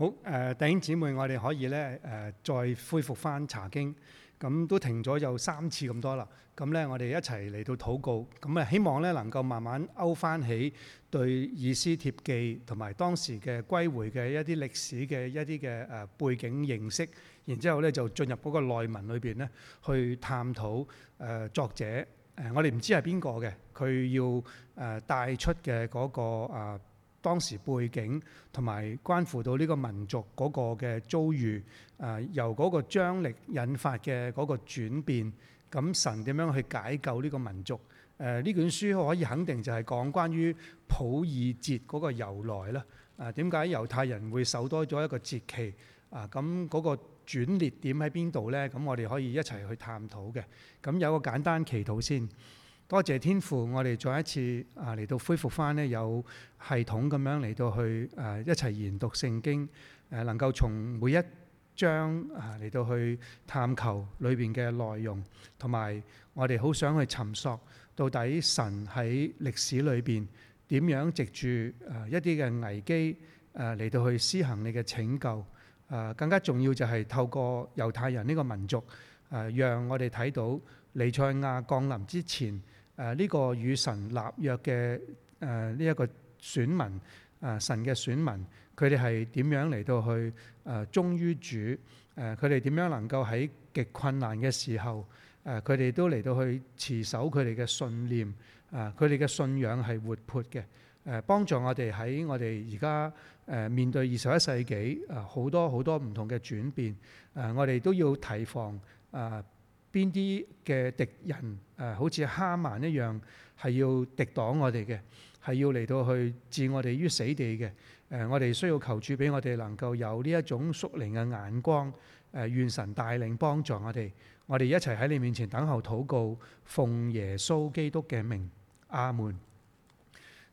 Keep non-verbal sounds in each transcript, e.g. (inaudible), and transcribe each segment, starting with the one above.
好誒，弟兄姊妹，我哋可以咧誒，再恢復翻查經，咁都停咗有三次咁多啦。咁咧，我哋一齊嚟到禱告，咁啊，希望咧能夠慢慢勾翻起對以斯帖記同埋當時嘅歸回嘅一啲歷史嘅一啲嘅誒背景認識，然之後咧就進入嗰個內文裏邊咧去探討誒作者誒，我哋唔知係邊個嘅，佢要誒帶出嘅嗰個啊。當時背景同埋關乎到呢個民族嗰個嘅遭遇，誒、呃、由嗰個張力引發嘅嗰個轉變，咁神點樣去解救呢個民族？誒、呃、呢卷書可以肯定就係講關於普珥節嗰個由來啦。誒點解猶太人會守多咗一個節期？啊咁嗰個轉捩點喺邊度呢？咁我哋可以一齊去探討嘅。咁有個簡單祈禱先。多謝天父，我哋再一次啊嚟到恢復返咧，有系統咁樣嚟到去誒、啊、一齊研讀聖經，誒、啊、能夠從每一章啊嚟到去探求裏邊嘅內容，同埋我哋好想去尋索到底神喺歷史裏邊點樣藉住誒一啲嘅危機誒嚟到去施行你嘅拯救。誒、啊、更加重要就係透過猶太人呢個民族誒、啊，讓我哋睇到彌賽亞降臨之前。誒呢、啊這個與神立約嘅誒呢一個選民，誒、啊、神嘅選民，佢哋係點樣嚟到去誒、啊、忠於主？誒佢哋點樣能夠喺極困難嘅時候，誒佢哋都嚟到去持守佢哋嘅信念？啊，佢哋嘅信仰係活潑嘅。誒、啊、幫助我哋喺我哋而家誒面對二十一世紀誒好多好多唔同嘅轉變。誒、啊、我哋都要提防啊！邊啲嘅敵人誒，好似哈曼一樣，係要敵擋我哋嘅，係要嚟到去置我哋於死地嘅。誒，我哋需要求主俾我哋能夠有呢一種屬靈嘅眼光。誒，願神帶領幫助我哋，我哋一齊喺你面前等候禱告，奉耶穌基督嘅名，阿門。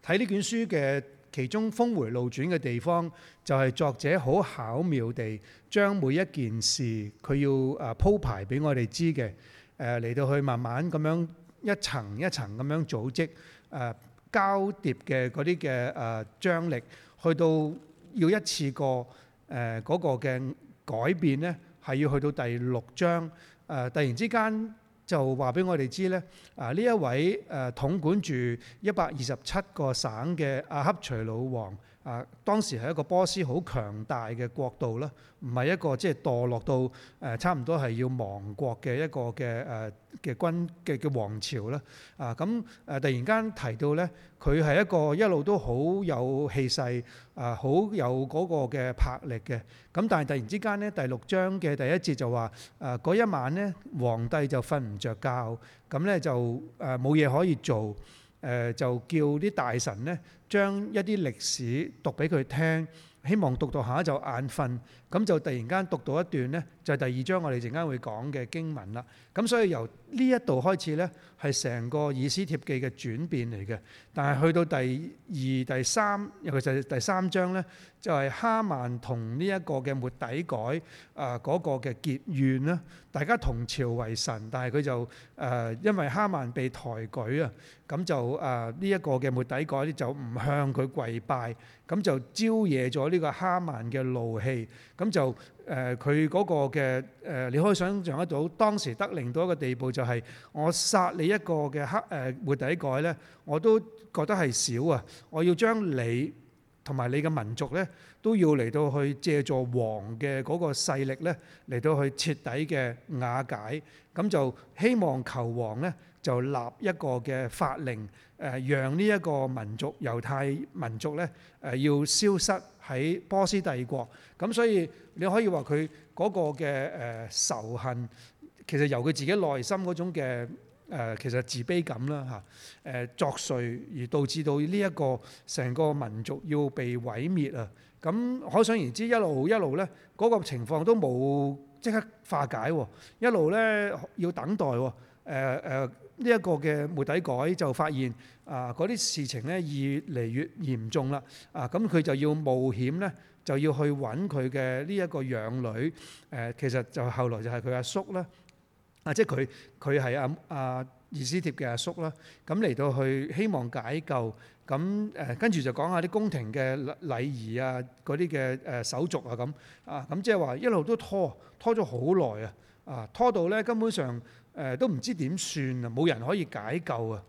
睇呢卷書嘅。其中峰回路轉嘅地方，就係作者好巧妙地將每一件事佢要誒鋪排俾我哋知嘅誒嚟到去慢慢咁樣一層一層咁樣組織誒交疊嘅嗰啲嘅誒張力，去到要一次過誒嗰個嘅改變呢，係要去到第六章誒，突然之間。就話俾我哋知呢，啊呢一位誒統管住一百二十七個省嘅亞哈隨魯王。啊，當時係一個波斯好強大嘅國度啦，唔係一個即係墮落到誒差唔多係要亡國嘅一個嘅誒嘅軍嘅嘅皇朝啦。啊，咁誒突然間提到呢，佢係一個一路都好有氣勢啊，好有嗰個嘅魄力嘅。咁但係突然之間呢，第六章嘅第一節就話誒嗰一晚呢，皇帝就瞓唔着覺，咁呢就誒冇嘢可以做。誒、呃，就叫啲大臣呢，將一啲歷史讀俾佢聽，希望讀到下晝眼瞓。咁就突然間讀到一段咧，就係第二章我哋陣間會講嘅經文啦。咁所以由呢一度開始咧，係成個以斯帖記嘅轉變嚟嘅。但係去到第二、第三，尤其是第三章咧，就係哈曼同呢一個嘅末底改啊嗰個嘅結怨啦。大家同朝為神，但係佢就誒因為哈曼被抬舉啊，咁就誒呢一個嘅末底改咧就唔向佢跪拜，咁就招惹咗呢個哈曼嘅怒氣。咁就誒佢嗰個嘅誒，你可以想象得到當時得零到一個地步，就係我殺你一個嘅黑誒活底蓋咧，我都覺得係少啊！我要將你同埋你嘅民族咧，都要嚟到去借助王嘅嗰個勢力咧，嚟到去徹底嘅瓦解。咁就希望求王咧，就立一個嘅法令誒，讓呢一個民族猶太民族咧誒，要消失。喺波斯帝國，咁所以你可以話佢嗰個嘅誒、呃、仇恨，其實由佢自己內心嗰種嘅誒、呃、其實自卑感啦嚇誒作祟而導致到呢、這、一個成個民族要被毀滅啊！咁可想而知，一路一路呢嗰、那個情況都冇即刻化解喎、啊，一路呢要等待喎誒、啊啊呢一個嘅末底改就發現啊，嗰啲事情呢，越嚟越嚴重啦！啊，咁佢就要冒險呢，就要去揾佢嘅呢一個養女。誒、啊，其實就後來就係佢阿叔啦。啊，即係佢佢係阿阿以斯帖嘅阿叔啦。咁、啊、嚟到去希望解救。咁誒，跟住就講下啲宮廷嘅禮儀啊，嗰啲嘅誒手續啊，咁啊，咁、啊啊啊、即係話一路都拖拖咗好耐啊！啊，拖到呢根本上。誒都唔知點算啊！冇人可以解救啊！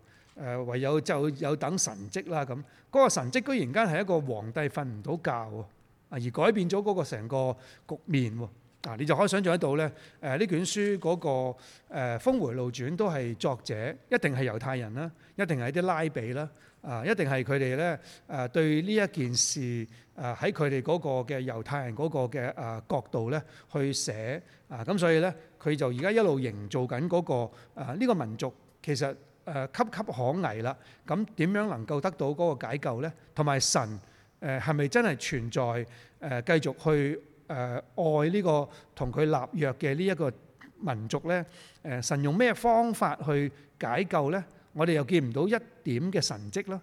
唯有就有等神蹟啦，咁嗰個神蹟居然間係一個皇帝瞓唔到覺喎，啊而改變咗嗰個成個局面喎，嗱，你就可以想象得到呢，誒呢卷書嗰個誒峰迴路轉都係作者一定係猶太人啦，一定係啲拉比啦。啊，一定係佢哋咧，誒對呢一件事，誒喺佢哋嗰個嘅猶太人嗰個嘅誒角度咧，去寫啊，咁所以咧，佢就而家一路營造緊嗰個誒呢個民族其實誒岌岌可危啦。咁點樣能夠得到嗰個解救咧？同埋神誒係咪真係存在誒繼續去誒愛呢個同佢立約嘅呢一個民族咧？誒神用咩方法去解救咧？我哋又見唔到一點嘅神跡啦，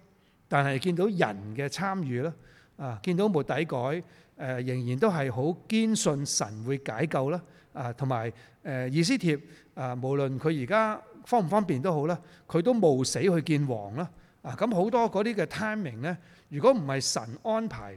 但係見到人嘅參與啦，啊，見到末底改，誒，仍然都係好堅信神會解救啦，啊，同埋誒以斯帖啊，無論佢而家方唔方便都好啦，佢都冒死去見王啦，啊，咁好多嗰啲嘅 timing 呢，如果唔係神安排，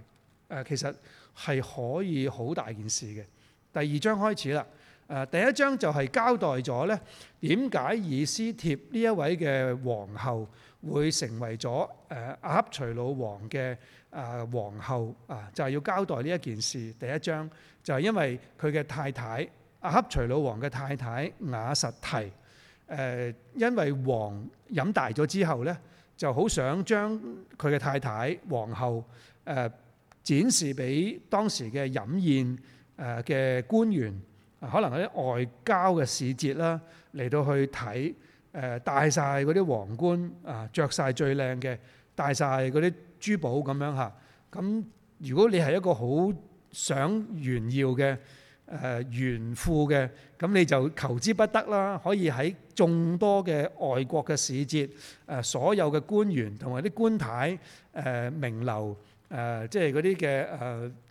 誒，其實係可以好大件事嘅。第二章開始啦。誒，第一章就係交代咗咧，點解以斯帖呢一位嘅皇后會成為咗誒亞哈隨魯王嘅啊皇后啊？就係要交代呢一件事。第一章就係因為佢嘅太太，亞哈隨魯王嘅太太雅實提誒，因為王飲大咗之後咧，就好想將佢嘅太太皇后誒展示俾當時嘅飲宴誒嘅官員。可能嗰啲外交嘅使節啦，嚟到去睇，誒、呃、戴晒嗰啲皇冠，啊著晒最靚嘅，戴晒嗰啲珠寶咁樣嚇。咁、啊、如果你係一個好想炫耀嘅，誒、呃、炫富嘅，咁你就求之不得啦。可以喺眾多嘅外國嘅使節，誒、呃、所有嘅官員同埋啲官太，誒、呃、名流，誒、呃、即係嗰啲嘅誒。呃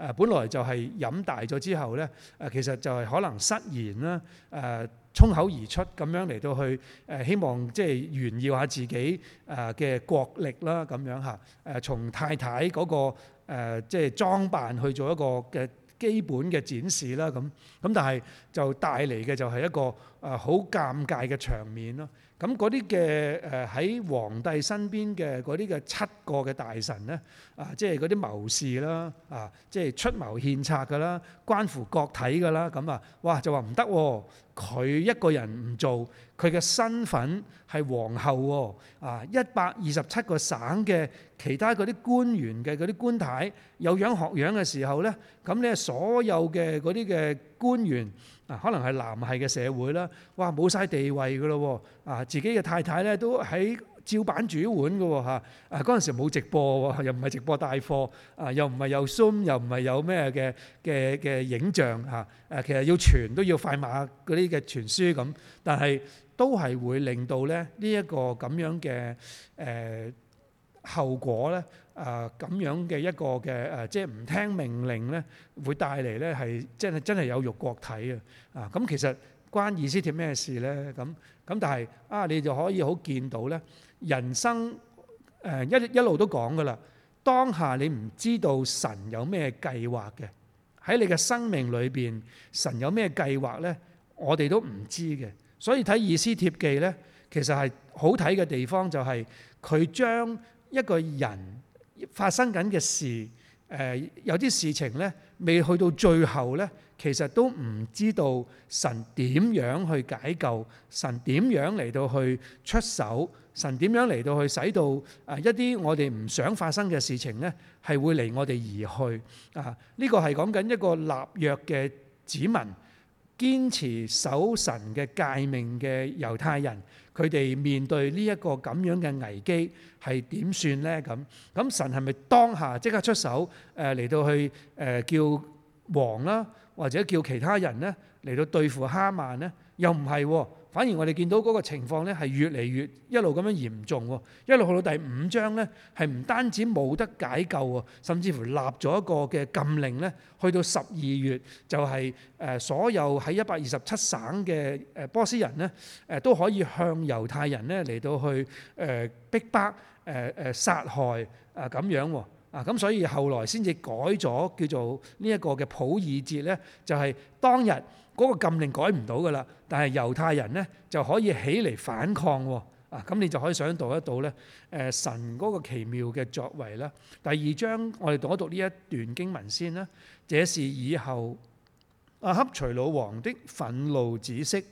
誒，本來就係飲大咗之後呢，誒，其實就係可能失言啦，誒，衝口而出咁樣嚟到去，誒，希望即係炫耀下自己誒嘅國力啦，咁樣嚇，誒，從太太嗰個即係裝扮去做一個嘅基本嘅展示啦，咁，咁但係就帶嚟嘅就係一個誒好尷尬嘅場面咯。咁嗰啲嘅誒喺皇帝身邊嘅嗰啲嘅七個嘅大臣呢，啊，即係嗰啲謀士啦，啊，即係出謀獻策㗎啦，關乎國體㗎啦，咁啊，哇，就話唔得喎，佢一個人唔做，佢嘅身份係皇后喎，啊，一百二十七個省嘅其他嗰啲官員嘅嗰啲官太有樣學樣嘅時候咧，咁咧所有嘅嗰啲嘅官員。可能係男系嘅社會啦，哇，冇晒地位㗎咯喎，啊，自己嘅太太咧都喺照板煮碗㗎喎，啊，嗰陣時冇直播喎，又唔係直播帶貨，啊，又唔係有 Zoom，又唔係有咩嘅嘅嘅影像嚇，誒，其實要傳都要快馬嗰啲嘅傳輸，咁，但係都係會令到咧呢一個咁樣嘅誒。呃後果咧，誒咁樣嘅一個嘅誒，即係唔聽命令咧，會帶嚟咧係，即係真係有辱國體嘅。啊，咁其實關以斯帖咩事咧？咁咁但係啊，你就可以好見到咧，人生誒一一路都講㗎啦。當下你唔知道神有咩計劃嘅，喺你嘅生命裏邊，神有咩計劃咧？我哋都唔知嘅。所以睇《以斯帖記》咧，其實係好睇嘅地方就係佢將，一個人發生緊嘅事，誒有啲事情咧未去到最後咧，其實都唔知道神點樣去解救，神點樣嚟到去出手，神點樣嚟到去使到啊一啲我哋唔想發生嘅事情咧，係會離我哋而去啊！呢個係講緊一個立約嘅子民，堅持守神嘅誡命嘅猶太人。佢哋面對呢一個咁樣嘅危機係點算呢？咁咁神係咪當下即刻出手？誒嚟到去誒叫王啦，或者叫其他人呢嚟到對付哈曼呢？又唔係喎。反而我哋見到嗰個情況咧，係越嚟越一路咁樣嚴重喎。一路去到第五章咧，係唔單止冇得解救喎，甚至乎立咗一個嘅禁令咧，去到十二月就係誒所有喺一百二十七省嘅誒波斯人咧，誒都可以向猶太人咧嚟到去誒逼迫、誒誒殺害啊咁樣喎。啊咁，所以後來先至改咗叫做呢一個嘅普爾節咧，就係當日嗰個禁令改唔到㗎喇。但係猶太人呢，就可以起嚟反抗喎啊！咁你就可以想像到咧，誒神嗰個奇妙嘅作為啦。第二章我哋讀一讀呢一段經文先啦。這事以後，亞哈隨魯王的憤怒止息，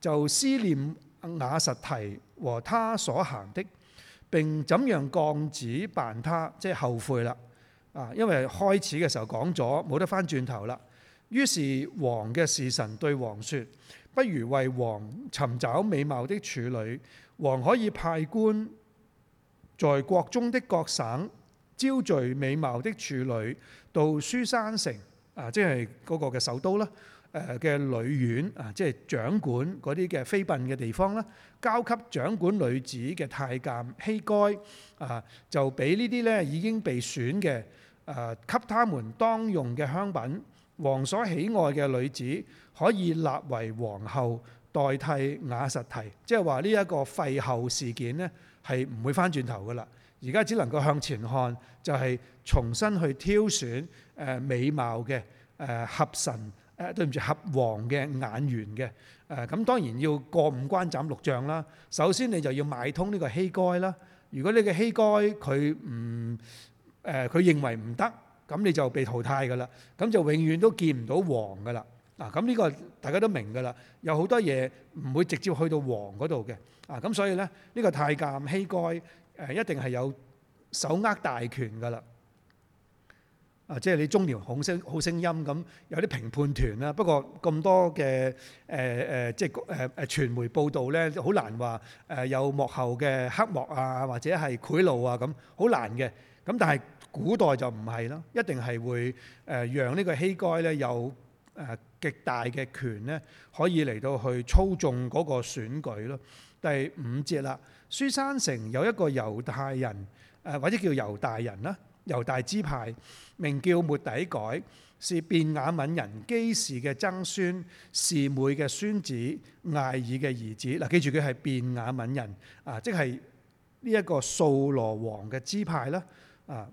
就思念瓦實提和他所行的，並怎樣降旨辦他，即係後悔啦啊！因為開始嘅時候講咗冇得返轉頭啦。於是王嘅侍臣對王說。不如為王尋找美貌的處女，王可以派官在國中的各省招聚美貌的處女到書山城啊，即係嗰個嘅首都啦。誒嘅女院啊，即係掌管嗰啲嘅妃嬪嘅地方啦，交給掌管女子嘅太監希該啊，就俾呢啲呢已經被選嘅誒給他們當用嘅香品。王所喜愛嘅女子，可以立為皇后代替雅實提，即係話呢一個廢后事件呢，係唔會翻轉頭噶啦。而家只能夠向前看，就係、是、重新去挑選美貌嘅誒合神誒對唔住合王嘅眼緣嘅誒。咁當然要過五關斬六將啦。首先你就要買通呢個希該啦。如果你嘅希該佢唔誒佢認為唔得。咁你就被淘汰嘅啦，咁就永遠都見唔到王嘅啦。嗱，咁呢個大家都明嘅啦，有好多嘢唔會直接去到王嗰度嘅。啊，咁所以咧，呢個太監希該誒一定係有手握大權嘅啦。啊，即係你中國好聲好聲音咁有啲評判團啦，不過咁多嘅誒誒，即係誒誒傳媒報導咧，好難話誒有幕後嘅黑幕啊，或者係賄賂啊，咁好難嘅。咁但係。古代就唔係啦，一定係會誒讓呢個希該咧有誒極大嘅權咧，可以嚟到去操縱嗰個選舉咯。第五節啦，書珊城有一個猶太人誒，或者叫猶大人啦，猶大支派，名叫末底改，是便雅憫人基士嘅曾孫，是妹嘅孫子艾爾嘅兒子。嗱，記住佢係便雅憫人啊，即係呢一個掃羅王嘅支派啦啊。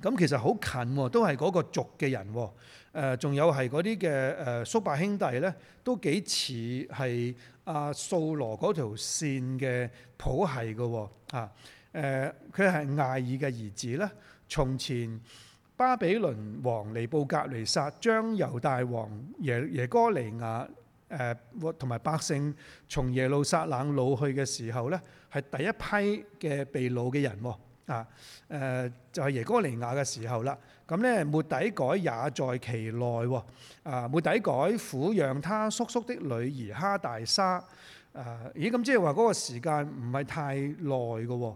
咁其實好近喎，都係嗰個族嘅人喎。仲、呃、有係嗰啲嘅誒，叔伯兄弟呢，都幾似係阿掃羅嗰條線嘅譜系嘅喎。嚇、啊，佢、呃、係艾爾嘅兒子呢。從前巴比倫王尼布甲尼撒將猶大王耶耶哥尼雅誒同埋百姓從耶路撒冷擄去嘅時候呢，係第一批嘅被擄嘅人喎。呃啊，誒就係、是、耶哥尼亞嘅時候啦。咁咧，末底改也在其內啊，末底改撫養他叔叔的女兒哈大沙。啊，咦？咁即係話嗰個時間唔係太耐嘅喎。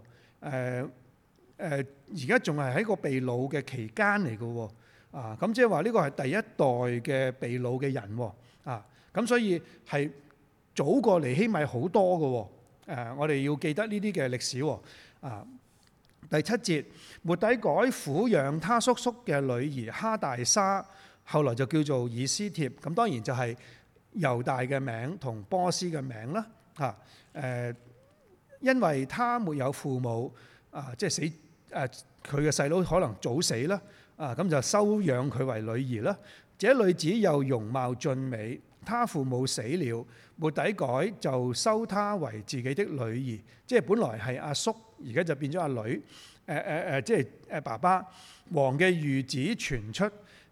誒而家仲係喺個被擄嘅期間嚟嘅喎。啊，咁即係話呢個係、啊就是、第一代嘅被擄嘅人喎。啊，咁所以係早過尼希米好多嘅喎、啊。我哋要記得呢啲嘅歷史喎。啊。第七節，末底改撫養他叔叔嘅女兒哈大沙，後來就叫做以斯帖。咁當然就係猶大嘅名同波斯嘅名啦。嚇，誒，因為他沒有父母，啊，即係死，誒，佢嘅細佬可能早死啦。啊，咁就收養佢為女兒啦。這女子又容貌俊美，她父母死了，末底改就收她為自己的女兒。即係本來係阿叔。而家就變咗阿女，誒誒誒，即係誒爸爸，王嘅御旨傳出，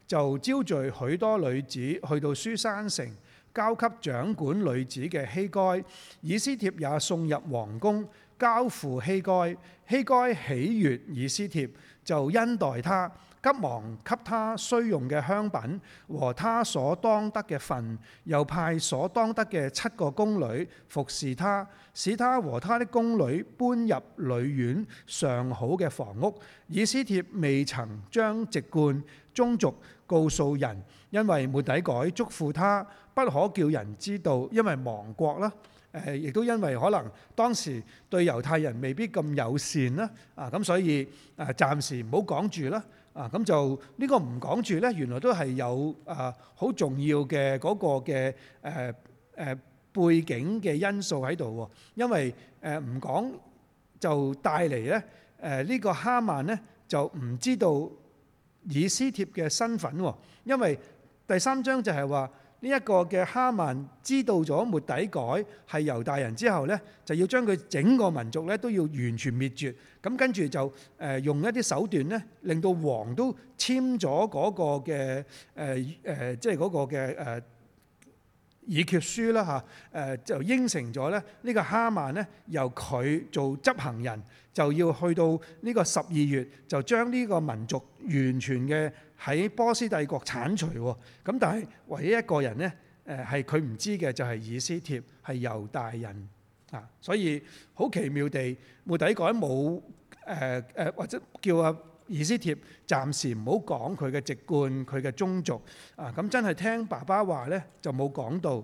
就招聚許多女子去到書山城，交給掌管女子嘅希該，以斯帖也送入皇宮，交付希該，希該喜悅以斯帖，就恩待他。急忙給他需用嘅香品和他所當得嘅份，又派所當得嘅七個宮女服侍他，使他和他的宮女搬入女院上好嘅房屋。以斯帖未曾將籍貫宗族告訴人，因為末底改囑咐他不可叫人知道，因為亡國啦。誒，亦都因為可能當時對猶太人未必咁友善啦。啊，咁所以誒，暫時唔好講住啦。啊，咁就呢、這個唔講住呢，原來都係有啊好重要嘅嗰個嘅誒誒背景嘅因素喺度喎，因為誒唔講就帶嚟呢，誒、啊、呢、這個哈曼呢就唔知道以斯帖嘅身份喎，啊，因為第三章就係話。呢一個嘅哈曼知道咗末底改係猶大人之後呢，就要將佢整個民族咧都要完全滅絕。咁跟住就誒用一啲手段呢，令到王都簽咗嗰個嘅誒誒，即係嗰個嘅誒議決書啦嚇。誒、呃、就應承咗呢，呢個哈曼呢，由佢做執行人，就要去到呢個十二月，就將呢個民族完全嘅喺波斯帝國剷除喎，咁但係唯一一個人呢，誒係佢唔知嘅就係以斯帖係猶大人啊，所以好奇妙地末底改冇誒誒或者叫阿以斯帖暫時唔好講佢嘅籍貫、佢嘅宗族啊，咁真係聽爸爸話呢，就冇講到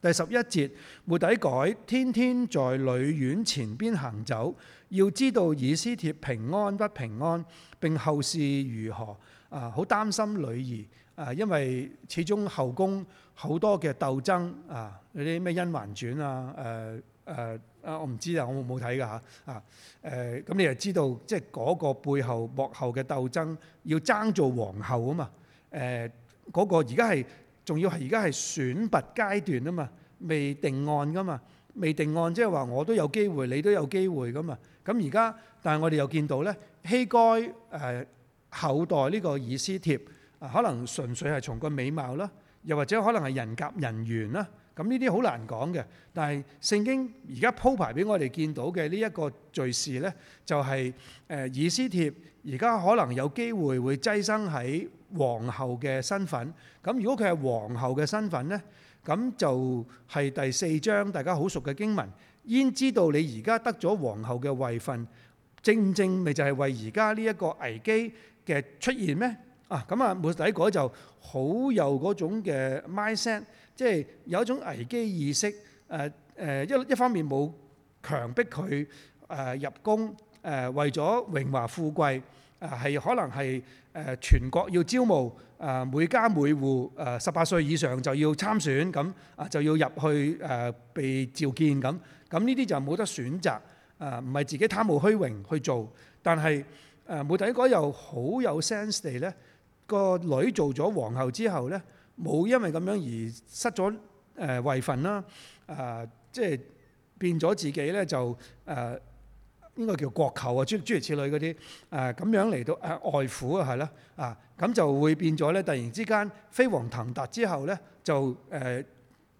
第十一節。末底改天天在女院前邊行走，要知道以斯帖平安不平安，並後事如何。啊，好擔心女兒啊，因為始終後宮好多嘅鬥爭啊，嗰啲咩《甄嬛傳》啊，誒、啊、誒啊，我唔知啊，我冇睇㗎嚇啊，誒咁你又知道，即係嗰個背後幕後嘅鬥爭，要爭做皇后啊嘛，誒、啊、嗰、嗰個而家係仲要係而家係選拔階段啊嘛，未定案㗎嘛、啊，未定案即係話我都有機會，你都有機會㗎嘛，咁而家但係我哋又見到咧，希該誒。啊後代呢個以斯帖啊，可能純粹係從個美貌啦，又或者可能係人夾人緣啦，咁呢啲好難講嘅。但係聖經而家鋪排俾我哋見到嘅呢一個敘事咧，就係誒以斯帖而家可能有機會會躋身喺皇后嘅身份。咁如果佢係皇后嘅身份咧，咁就係第四章大家好熟嘅經文，焉知道你而家得咗皇后嘅位份，正正咪就係為而家呢一個危機。嘅出現咩啊？咁啊，末底改就好有嗰種嘅 mindset，即係有一種危機意識。誒、啊、誒、啊，一一方面冇強迫佢誒、啊、入宮誒、啊，為咗榮華富貴誒，係、啊、可能係誒、啊、全國要招募誒、啊、每家每戶誒十八歲以上就要參選，咁啊就要入去誒、啊、被召見咁。咁呢啲就冇得選擇啊，唔係自己貪慕虛榮去做，但係。誒末底改又好有 sense 地呢個女做咗皇后之後呢，冇因為咁樣而失咗誒位份啦。誒、呃、即係變咗自己呢，就、呃、誒，應該叫國舅啊，諸諸如此類嗰啲誒咁樣嚟到誒外父係啦。啊、呃、咁、呃呃呃呃呃呃、就會變咗呢，突然之間飛黃騰達之後呢，就誒、呃、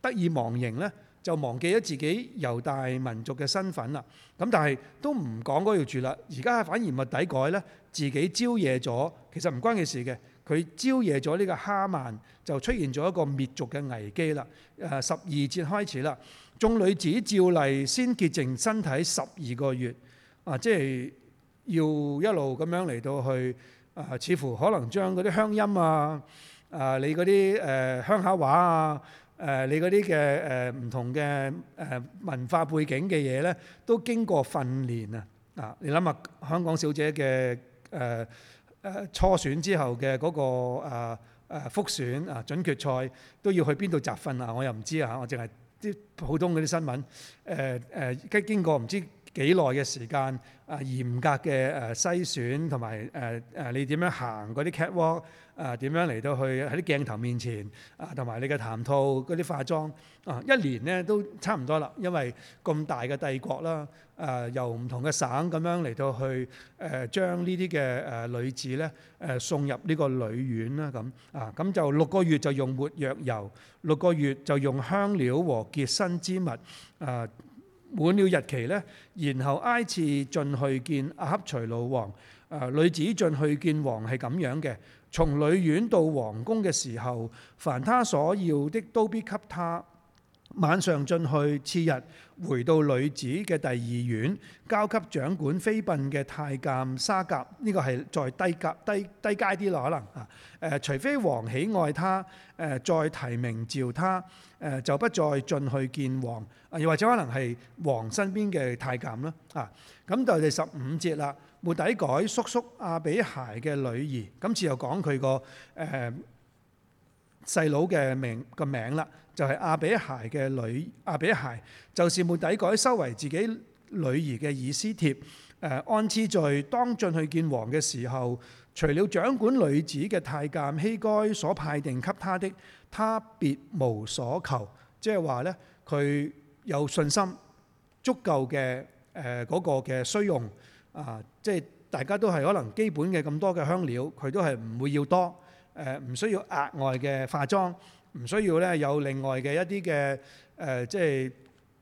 得意忘形呢，就忘記咗自己猶大民族嘅身份啦，咁但係都唔講嗰度住啦。而家反而末底改呢，自己招惹咗，其實唔關佢事嘅。佢招惹咗呢個哈曼，就出現咗一個滅族嘅危機啦。誒，十二節開始啦，眾女子照例先潔淨身體十二個月，啊，即係要一路咁樣嚟到去、啊，似乎可能將嗰啲鄉音啊，啊，你嗰啲誒鄉下話啊。誒、呃、你嗰啲嘅誒唔同嘅誒、呃、文化背景嘅嘢咧，都經過訓練啊，呃那個、啊！啊，你諗下香港小姐嘅誒誒初選之後嘅嗰個啊啊復選啊準決賽都要去邊度集訓啊？我又唔知啊！我淨係啲普通嗰啲新聞誒誒，經經過唔知。幾耐嘅時間啊，嚴格嘅誒篩選同埋誒誒，你點樣行嗰啲 catwalk 啊？點樣嚟到去喺啲鏡頭面前啊？同埋你嘅談吐嗰啲化妝啊，一年呢都差唔多啦，因為咁大嘅帝國啦，啊，由唔同嘅省咁樣嚟到去誒，將呢啲嘅誒女子呢誒送入呢個女院啦咁啊，咁、啊啊啊啊、就六個月就用沒藥油，六個月就用香料和潔身之物啊。滿了日期呢，然後挨次進去見亞哈隨魯王，啊、呃、女子進去見王係咁樣嘅。從女院到王宮嘅時候，凡她所要的都必給她。晚上進去，次日。回到女子嘅第二院，交給掌管妃嬪嘅太監沙甲，呢、這個係再低級低低階啲咯，可能啊誒，除非王喜愛他，誒、啊、再提名召他，誒、啊、就不再進去見王，又、啊、或者可能係王身邊嘅太監啦啊，咁就係第十五節啦，末底改叔叔亞比孩嘅女兒，今次又講佢個誒細佬嘅名個名啦。名名就係亞比孩嘅女亞比孩，就是末底改收為自己女兒嘅以斯帖。誒、呃，按次序，當進去見王嘅時候，除了掌管女子嘅太監希該所派定給他的，他別無所求。即係話呢，佢有信心足夠嘅誒嗰個嘅需用啊、呃！即係大家都係可能基本嘅咁多嘅香料，佢都係唔會要多誒，唔、呃、需要額外嘅化妝。唔需要咧，有另外嘅一啲嘅誒，即係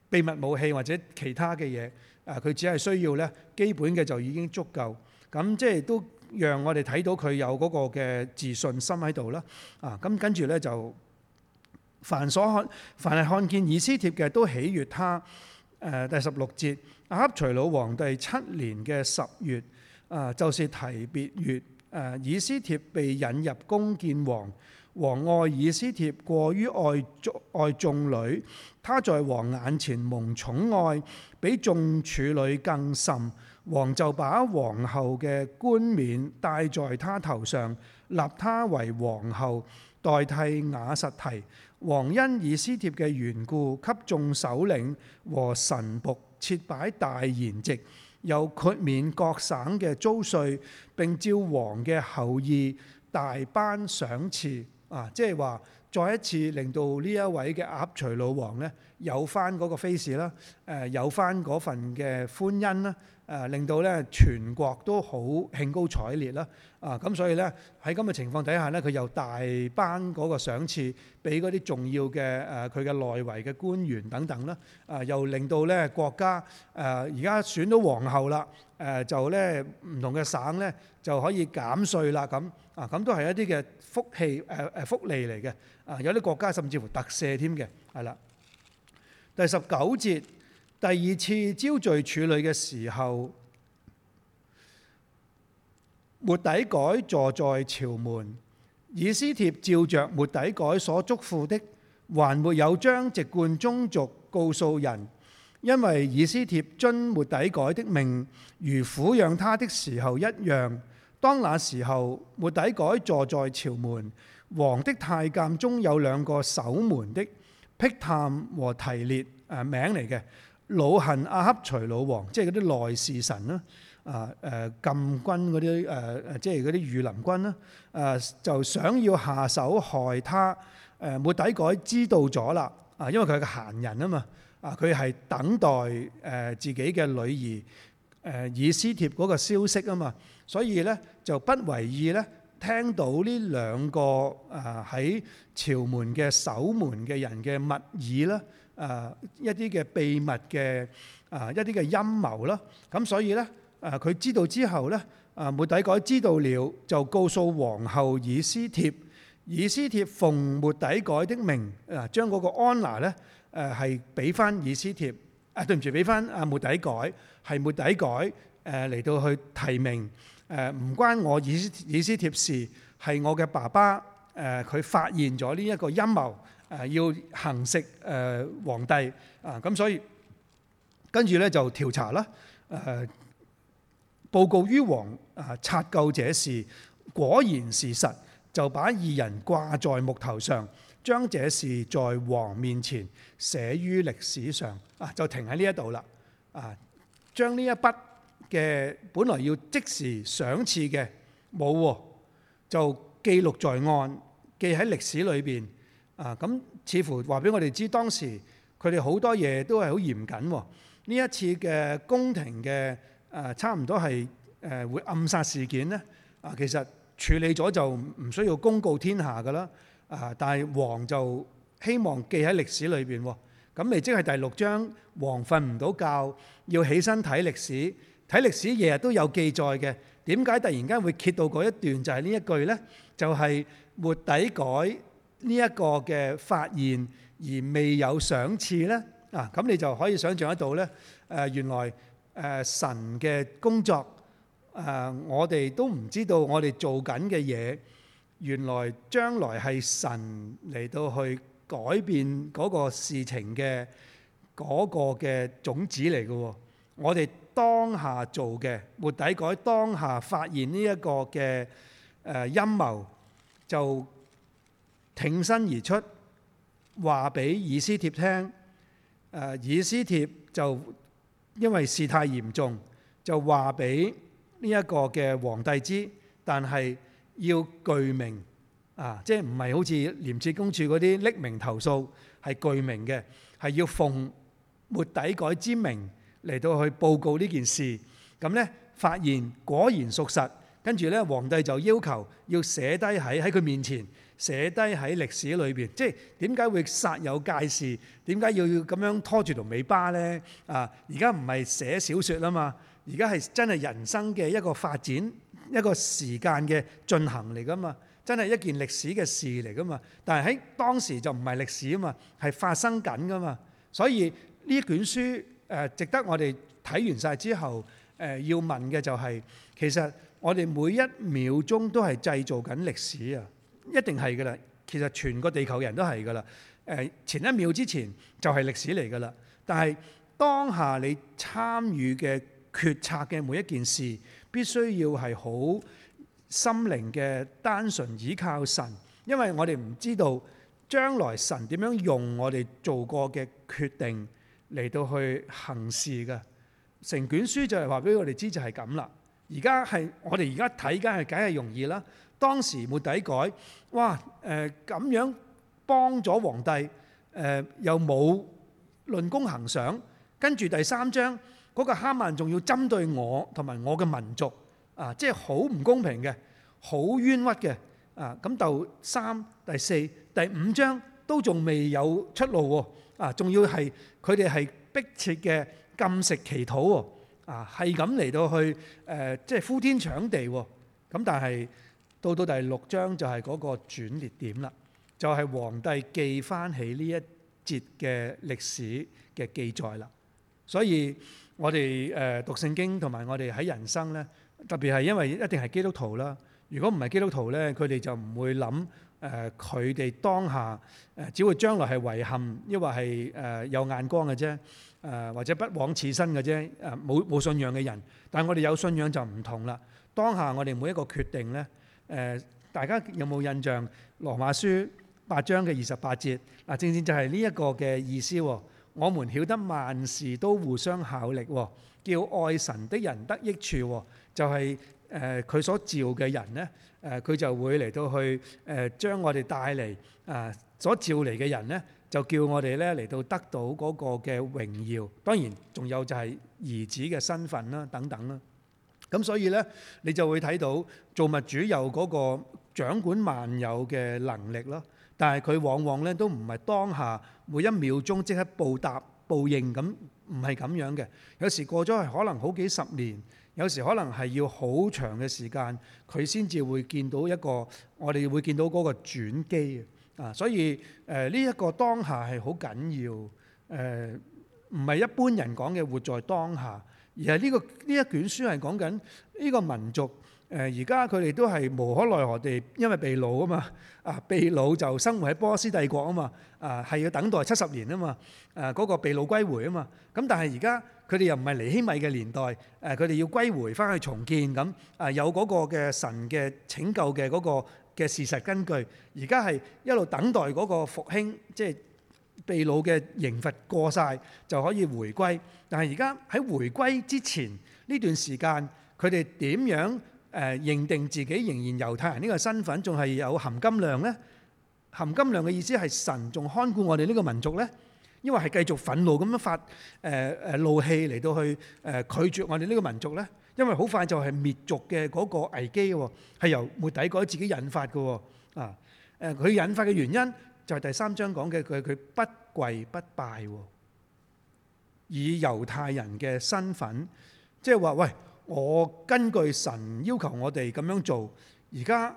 秘密武器或者其他嘅嘢。誒、呃，佢只係需要咧，基本嘅就已經足夠，咁即係都讓我哋睇到佢有嗰個嘅自信心喺度啦。啊，咁跟住咧就凡所看，凡係看見以斯帖嘅都喜悦他。誒、呃，第十六節，亞哈隨魯皇帝七年嘅十月，啊、呃，就是提別月，誒、呃，以斯帖被引入宮見王。王愛以斯帖過於愛眾愛女，她在王眼前蒙寵愛，比眾處女更甚。王就把皇后嘅冠冕戴在她頭上，立她為皇后，代替瓦實提。王因以斯帖嘅緣故，給眾首領和臣僕設擺大筵席，又豁免各省嘅租稅，並照王嘅厚意大頒賞賜。啊，即係話再一次令到呢一位嘅亞哈隨魯王呢有返嗰個 face 啦，誒有返嗰份嘅歡欣啦，誒令到呢全國都好興高采烈啦，啊咁所以呢喺咁嘅情況底下呢，佢又大班嗰個賞賜俾嗰啲重要嘅誒佢嘅內圍嘅官員等等啦，啊又令到呢國家誒而家選到皇后啦，誒就呢唔同嘅省呢就可以減稅啦咁，啊咁都係一啲嘅。福氣誒誒福利嚟嘅啊，有啲國家甚至乎特赦添嘅，係啦。第十九節，第二次招聚處女嘅時候，末底改坐在朝門，以斯帖照著末底改所囑咐的，還沒有將籍貫宗族告訴人，因為以斯帖遵末底改的命，如撫養他的時候一樣。當那時候，末底改坐在朝門，王的太監中有兩個守門的，辟探和提列，誒名嚟嘅老恨亞哈隨魯王，即係嗰啲內侍臣啦，啊誒禁軍嗰啲誒即係嗰啲御林軍啦，誒就想要下手害他。誒末底改知道咗啦，啊因為佢係個閒人啊嘛，啊佢係等待誒自己嘅女兒誒以斯帖嗰個消息啊嘛。所以咧就不為意咧，聽到呢兩個啊喺朝門嘅守門嘅人嘅密耳啦，啊一啲嘅秘密嘅，啊一啲嘅陰謀啦，咁所以咧，啊佢知道之後咧，啊末底改知道了就告訴皇后以斯帖，以斯帖奉末底改的名啊，將嗰個安娜咧，誒係俾翻以斯帖啊，對唔住，俾翻啊末底改，係末底改誒嚟到去提名。誒唔關我以以斯帖事，係我嘅爸爸誒，佢發現咗呢一個陰謀誒，要行刺誒皇帝啊，咁所以跟住咧就調查啦，誒報告於王啊，究察這事果然是實，就把二人掛在木頭上，將這事在王面前寫於歷史上啊，就停喺呢一度啦，啊，將呢一筆。嘅本來要即時賞賜嘅冇喎，就記錄在案，記喺歷史裏面。啊。咁似乎話俾我哋知，當時佢哋好多嘢都係好嚴謹喎。呢一次嘅宮廷嘅、啊、差唔多係、啊、會暗殺事件呢，啊。其實處理咗就唔需要公告天下噶啦啊，但係王就希望記喺歷史裏面喎、啊。咁、啊、嚟即係第六章，王瞓唔到覺，要起身睇歷史。睇歷史，日日都有記載嘅。點解突然間會揭到嗰一段，就係呢一句咧？就係末底改呢一個嘅發現而未有賞賜咧。啊，咁你就可以想象得到咧。誒，原來誒神嘅工作，誒我哋都唔知道我哋做緊嘅嘢，原來將來係神嚟到去改變嗰個事情嘅嗰個嘅種子嚟嘅喎。我哋。當下做嘅末底改，當下發現呢一個嘅誒陰謀，就挺身而出，話俾以斯帖聽。誒，以斯帖就因為事態嚴重，就話俾呢一個嘅皇帝知，但係要具名啊，即係唔係好似廉署公署嗰啲匿名投訴，係具名嘅，係要奉末底改之名。嚟到去報告呢件事，咁呢發現果然屬實，跟住呢，皇帝就要求要寫低喺喺佢面前寫低喺歷史裏邊，即係點解會煞有介事？點解要要咁樣拖住條尾巴呢？啊！而家唔係寫小説啊嘛，而家係真係人生嘅一個發展，一個時間嘅進行嚟噶嘛，真係一件歷史嘅事嚟噶嘛。但係喺當時就唔係歷史啊嘛，係發生緊噶嘛，所以呢卷書。值得我哋睇完晒之後，誒、呃、要問嘅就係、是，其實我哋每一秒鐘都係製造緊歷史啊，一定係㗎喇。其實全個地球人都係㗎喇。前一秒之前就係歷史嚟㗎喇，但係當下你參與嘅決策嘅每一件事，必須要係好心靈嘅單純依靠神，因為我哋唔知道將來神點樣用我哋做過嘅決定。嚟到去行事嘅，成卷書就係話俾我哋知就係咁啦。而家係我哋而家睇緊係梗係容易啦。當時末底改，哇誒咁樣幫咗皇帝誒，又冇論功行賞。跟住第三章嗰個哈曼仲要針對我同埋我嘅民族啊，即係好唔公平嘅，好冤屈嘅啊。咁就三、第四、第五章都仲未有出路喎。啊，仲要係佢哋係迫切嘅禁食祈禱喎，啊，係咁嚟到去誒、呃，即係呼天搶地喎。咁、啊、但係到到第六章就係嗰個轉捩點啦，就係、是、皇帝記翻起呢一節嘅歷史嘅記載啦。所以我哋誒讀聖經同埋我哋喺人生呢，特別係因為一定係基督徒啦。如果唔係基督徒呢，佢哋就唔會諗。誒佢哋當下誒、呃、只會將來係遺憾，因為係誒、呃、有眼光嘅啫，誒、呃、或者不枉此生嘅啫，誒冇冇信仰嘅人，但係我哋有信仰就唔同啦。當下我哋每一個決定呢，誒、呃、大家有冇印象？羅馬書八章嘅二十八節，嗱正正就係呢一個嘅意思。我們曉得萬事都互相效力，叫愛神的人得益處，就係、是。誒佢所召嘅人咧，誒佢就會嚟到去誒將我哋帶嚟，誒所召嚟嘅人咧，就叫我哋咧嚟到得到嗰個嘅榮耀。當然仲有就係兒子嘅身份啦，等等啦。咁所以咧，你就會睇到造物主有嗰個掌管萬有嘅能力咯。但係佢往往咧都唔係當下每一秒鐘即刻報答報應咁，唔係咁樣嘅。有時過咗可能好幾十年。有時可能係要好長嘅時間，佢先至會見到一個，我哋會見到嗰個轉機啊！啊，所以誒呢一個當下係好緊要，誒唔係一般人講嘅活在當下，而係呢個呢一卷書係講緊呢個民族誒而家佢哋都係無可奈何地，因為被擄啊嘛，啊被擄就生活喺波斯帝國啊嘛，啊係要等待七十年啊嘛，誒嗰個被擄歸回啊嘛，咁但係而家。佢哋又唔係尼希米嘅年代，誒，佢哋要歸回返去重建咁，誒，有嗰個嘅神嘅拯救嘅嗰個嘅事實根據。而家係一路等待嗰個復興，即係被擄嘅刑罰過晒就可以回歸。但係而家喺回歸之前呢段時間，佢哋點樣誒認定自己仍然猶太人呢個身份，仲係有含金量呢？含金量嘅意思係神仲看顧我哋呢個民族呢？因為係繼續憤怒咁樣發誒誒、呃呃、怒氣嚟到去誒、呃、拒絕我哋呢個民族咧，因為好快就係滅族嘅嗰個危機喎、哦，係由末底改自己引發嘅喎、哦、啊誒佢、呃、引發嘅原因就係第三章講嘅佢佢不跪不拜喎、哦，以猶太人嘅身份，即係話喂，我根據神要求我哋咁樣做，而家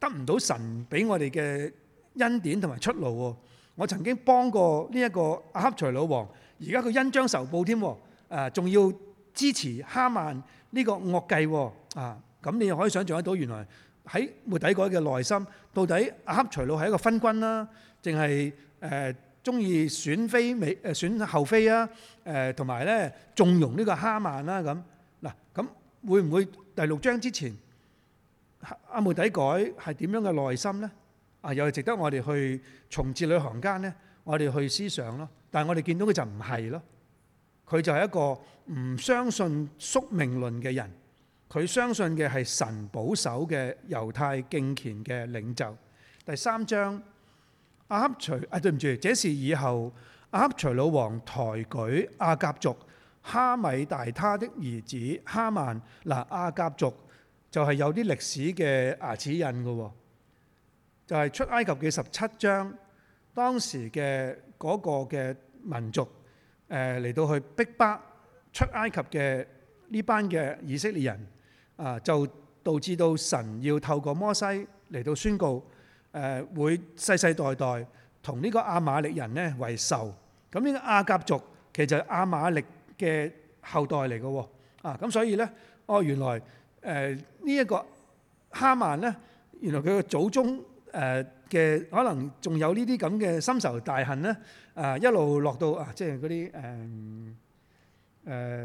得唔到神俾我哋嘅恩典同埋出路喎、哦。我曾經幫過呢一個亞哈隨魯王，而家佢恩將仇報添喎，誒仲要支持哈曼呢個惡計喎，啊咁你又可以想象得到原來喺末底改嘅內心，到底亞哈隨魯係一個昏君啦，淨係誒中意選妃美誒選後妃啊，誒同埋咧縱容呢個哈曼啦咁嗱，咁會唔會第六章之前阿末底改係點樣嘅內心咧？啊，又係值得我哋去從字裏行間呢，我哋去思想咯。但我哋見到佢就唔係咯，佢就係一個唔相信宿命論嘅人，佢相信嘅係神保守嘅猶太敬虔嘅領袖。第三章，亞哈隨啊，對唔住，這是以後阿、啊、亞哈隨老王抬舉亞甲族哈米大他的兒子哈曼嗱，亞甲族就係、是、有啲歷史嘅牙齒印嘅喎。就係出埃及嘅十七章，當時嘅嗰個嘅民族，誒、呃、嚟到去逼迫出埃及嘅呢班嘅以色列人啊、呃，就導致到神要透過摩西嚟到宣告誒、呃、會世世代代同呢個亞瑪力人呢為仇。咁、嗯、呢、這個亞甲族其實係亞瑪力嘅後代嚟嘅喎啊，咁所以呢，哦原來誒呢一個哈曼呢，原來佢嘅祖宗。誒，嘅、呃、可能仲有呢啲咁嘅深仇大恨咧，誒、呃，一路落到啊，即係嗰啲誒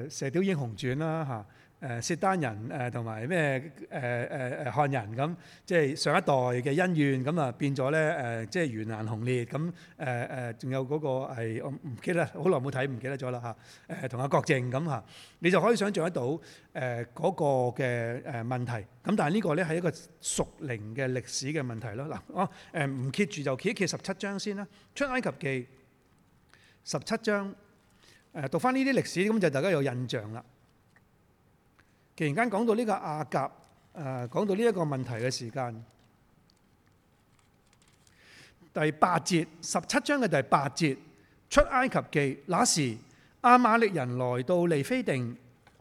誒射雕英雄傳啦吓。啊誒薛丹人誒同埋咩誒誒誒漢人咁，即係上一代嘅恩怨咁啊，變咗咧誒，即係完顏洪烈咁誒誒，仲有嗰個係我唔記得，好耐冇睇，唔記得咗啦嚇誒，同阿郭靖咁嚇，你就可以想像得到誒嗰個嘅誒問題。咁但係呢個咧係一個屬靈嘅歷史嘅問題咯。嗱，我誒唔揭住就揭一揭十七章先啦，《出埃及記》十七章誒，讀翻呢啲歷史咁就大家有印象啦。突然間講到呢個亞甲，誒講到呢一個問題嘅時間，第八節，十七章嘅第八節，出埃及記，那時亞瑪力人來到利非定，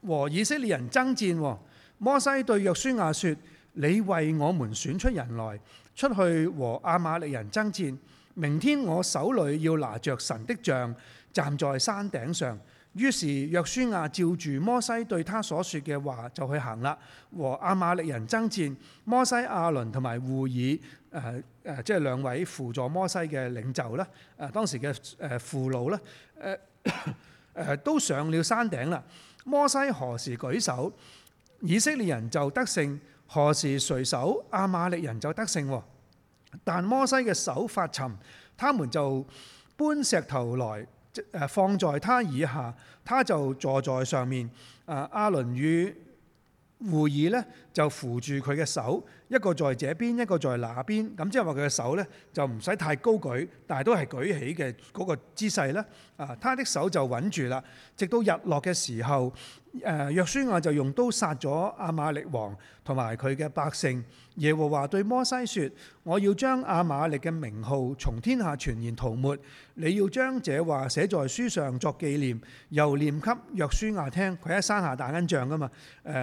和以色列人爭戰。摩西對約書亞説：你為我們選出人來，出去和亞瑪力人爭戰。明天我手裏要拿着神的杖站在山頂上。於是約書亞照住摩西對他所說嘅話就去行啦，和亞瑪力人爭戰。摩西亞倫同埋戶珥，誒、呃、誒、呃，即係兩位輔助摩西嘅領袖啦，誒、呃、當時嘅誒俘奴啦，誒、呃呃呃、都上了山頂啦。摩西何時舉手，以色列人就得勝；何時垂手，亞瑪力人就得勝。但摩西嘅手發沉，他們就搬石頭來。誒，放在他以下，他就坐在上面。啊，亞倫與胡爾咧就扶住佢嘅手。一個在這邊，一個在那邊，咁即係話佢嘅手呢就唔使太高舉，但係都係舉起嘅嗰個姿勢啦。啊，他的手就穩住啦。直到日落嘅時候，誒約書亞就用刀殺咗亞瑪力王同埋佢嘅百姓。耶和華對摩西説：我要將亞瑪力嘅名號從天下全然塗抹。你要將這話寫在書上作紀念，又念給約書亞聽。佢喺山下打緊仗噶嘛？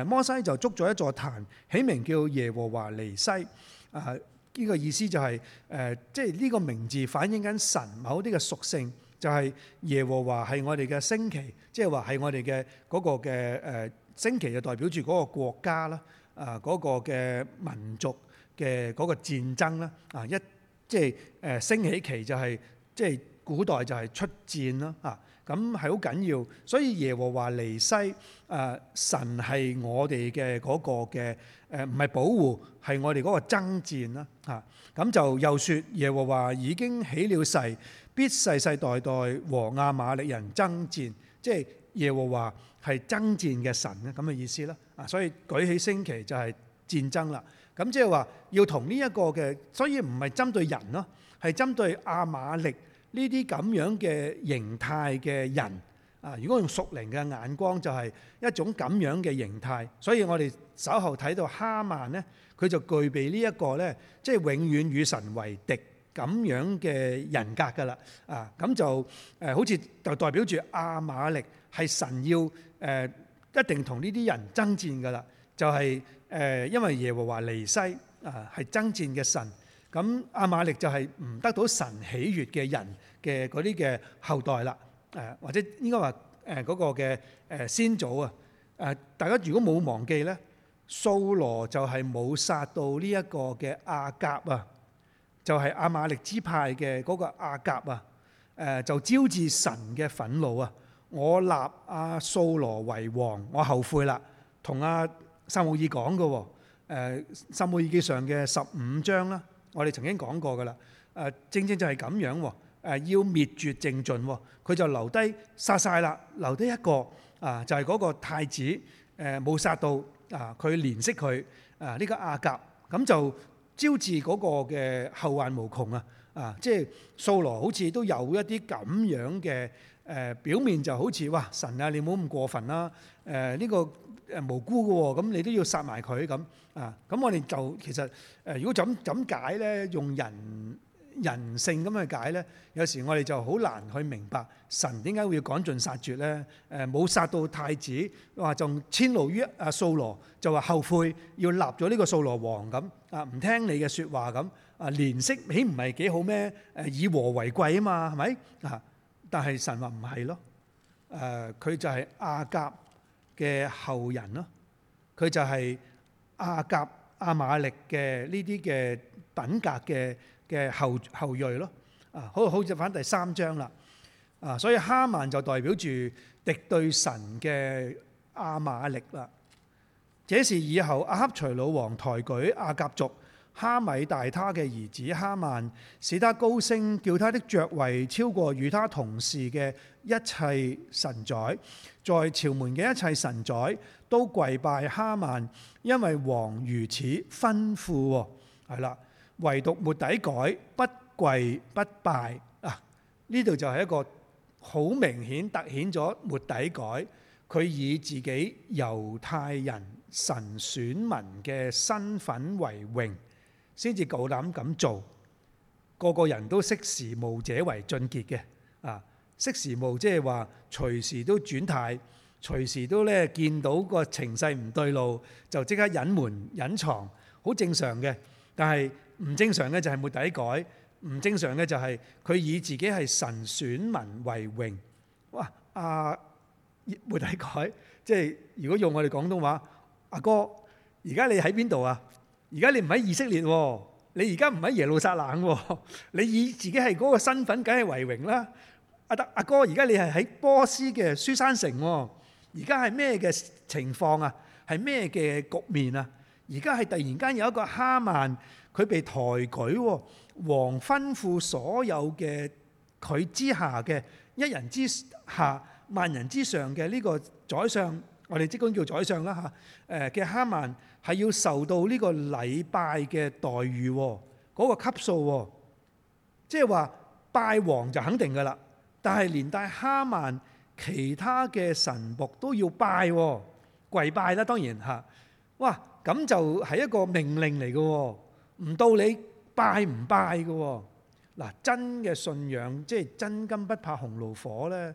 摩西就捉咗一座壇，起名叫耶和華。尼西啊！呢、呃這個意思就係、是、誒，即係呢個名字反映緊神某啲嘅屬性，就係、是、耶和華係我哋嘅升旗，即係話係我哋嘅嗰個嘅誒升旗，就，是是那個呃、旗就代表住嗰個國家啦，啊、呃、嗰、那個嘅民族嘅嗰、那個戰爭啦，啊一即係誒升起旗就係即係。就是古代就係出戰啦嚇，咁係好緊要，所以耶和華尼西誒神係我哋嘅嗰個嘅誒唔係保護係我哋嗰個爭戰啦嚇，咁就又説耶和華已經起了誓，必世世代代和亞瑪力人爭戰，即係耶和華係爭戰嘅神咧咁嘅意思啦啊。所以舉起旌旗就係戰爭啦，咁即係話要同呢一個嘅，所以唔係針對人咯，係針對亞瑪力。呢啲咁樣嘅形態嘅人啊，如果用屬靈嘅眼光，就係一種咁樣嘅形態。所以我哋稍後睇到哈曼咧，佢就具備呢一個咧，即係永遠與神為敵咁樣嘅人格噶啦。啊，咁就誒好似就代表住亞瑪力係神要誒一定同呢啲人爭戰噶啦。就係誒因為耶和華尼西啊係爭戰嘅神。咁亞瑪力就係唔得到神喜悅嘅人嘅嗰啲嘅後代啦，誒或者應該話誒嗰個嘅誒先祖啊。誒大家如果冇忘記咧，掃羅就係冇殺到呢一個嘅亞甲啊，就係、是、亞瑪力支派嘅嗰個亞甲啊。誒就招致神嘅憤怒啊！我立阿掃羅為王，我後悔啦，同阿撒母耳講嘅喎。誒撒母耳記上嘅十五章啦。我哋曾經講過噶啦，誒正正就係咁樣喎，要滅絕淨盡喎，佢就留低殺晒啦，留低一個啊，就係嗰個太子誒冇殺到啊，佢憐惜佢啊呢個亞甲，咁就招致嗰個嘅後患無窮啊，啊即係掃羅好似都有一啲咁樣嘅。誒、呃、表面就好似哇，神啊，你唔好咁過分啦，誒呢個誒無辜嘅喎、哦，咁你都要殺埋佢咁啊？咁、嗯、我哋就其實誒、呃、如果咁咁解咧？用人人性咁去解咧，有時候我哋就好難去明白神點解會要趕盡殺絕咧？誒冇殺到太子，話仲遷怒於阿掃羅，就話、啊、後悔要立咗呢個掃羅王咁啊？唔聽你嘅説話咁啊？憐惜起唔係幾好咩？誒以和為貴啊嘛，係咪啊？但係神話唔係咯，誒佢就係亞甲嘅後人咯，佢就係亞甲亞瑪力嘅呢啲嘅品格嘅嘅後後裔咯，啊好好就翻第三章啦，啊所以哈曼就代表住敵對神嘅亞瑪力啦，這是以後亞哈隨魯王抬舉亞甲族。哈米大他嘅兒子哈曼使他高升，叫他的爵位超過與他同事嘅一切臣宰，在朝門嘅一切臣宰都跪拜哈曼，因為王如此吩咐。係啦，唯獨末底改不跪不拜啊！呢度就係一個好明顯突顯咗末底改，佢、啊、以自己猶太人神選民嘅身份為榮。先至夠膽咁做，個個人都識時務者為俊傑嘅，啊，識時務即係話隨時都轉態，隨時都咧見到個情勢唔對路，就即刻隱瞞隱藏，好正常嘅。但係唔正常嘅就係末底改，唔正常嘅就係佢以自己係神選民為榮。哇！啊，末底改，即係如果用我哋廣東話，阿哥，而家你喺邊度啊？而家你唔喺以色列喎，你而家唔喺耶路撒冷喎，你以自己係嗰個身份，梗係為榮啦。阿德阿哥，而家你係喺波斯嘅書山城喎，而家係咩嘅情況啊？係咩嘅局面啊？而家係突然間有一個哈曼，佢被抬舉，王吩咐所有嘅佢之下嘅一人之下萬人之上嘅呢個宰相，我哋即管叫宰相啦吓，誒嘅哈曼。係要受到呢個禮拜嘅待遇、喎，嗰、嗰個級數、喎，即係話拜王就肯定㗎啦，但係連帶哈曼其他嘅神僕都要拜、喎，跪拜啦，當然吓，哇，咁就係一個命令嚟嘅、喎，唔到你拜唔拜嘅。嗱，真嘅信仰，即係真金不怕紅爐火咧，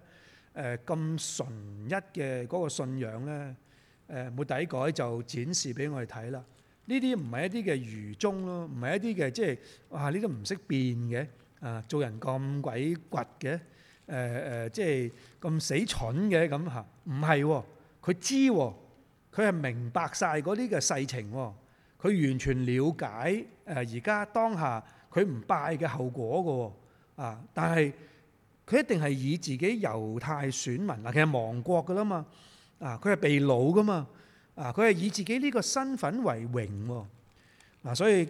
誒咁純一嘅嗰個信仰咧。誒冇底改就展示俾我哋睇啦！呢啲唔係一啲嘅愚忠咯，唔係一啲嘅即係哇！呢啲唔識變嘅啊，做人咁鬼骨嘅誒誒，即係咁死蠢嘅咁吓，唔係喎！佢、哦、知喎、哦，佢係明白晒嗰啲嘅世情喎、哦，佢完全了解誒而家當下佢唔拜嘅後果嘅喎、哦、啊！但係佢一定係以自己猶太選民嗱、啊，其實亡國嘅啦嘛。啊！佢係被擄噶嘛？啊！佢係以自己呢個身份為榮喎。嗱，所以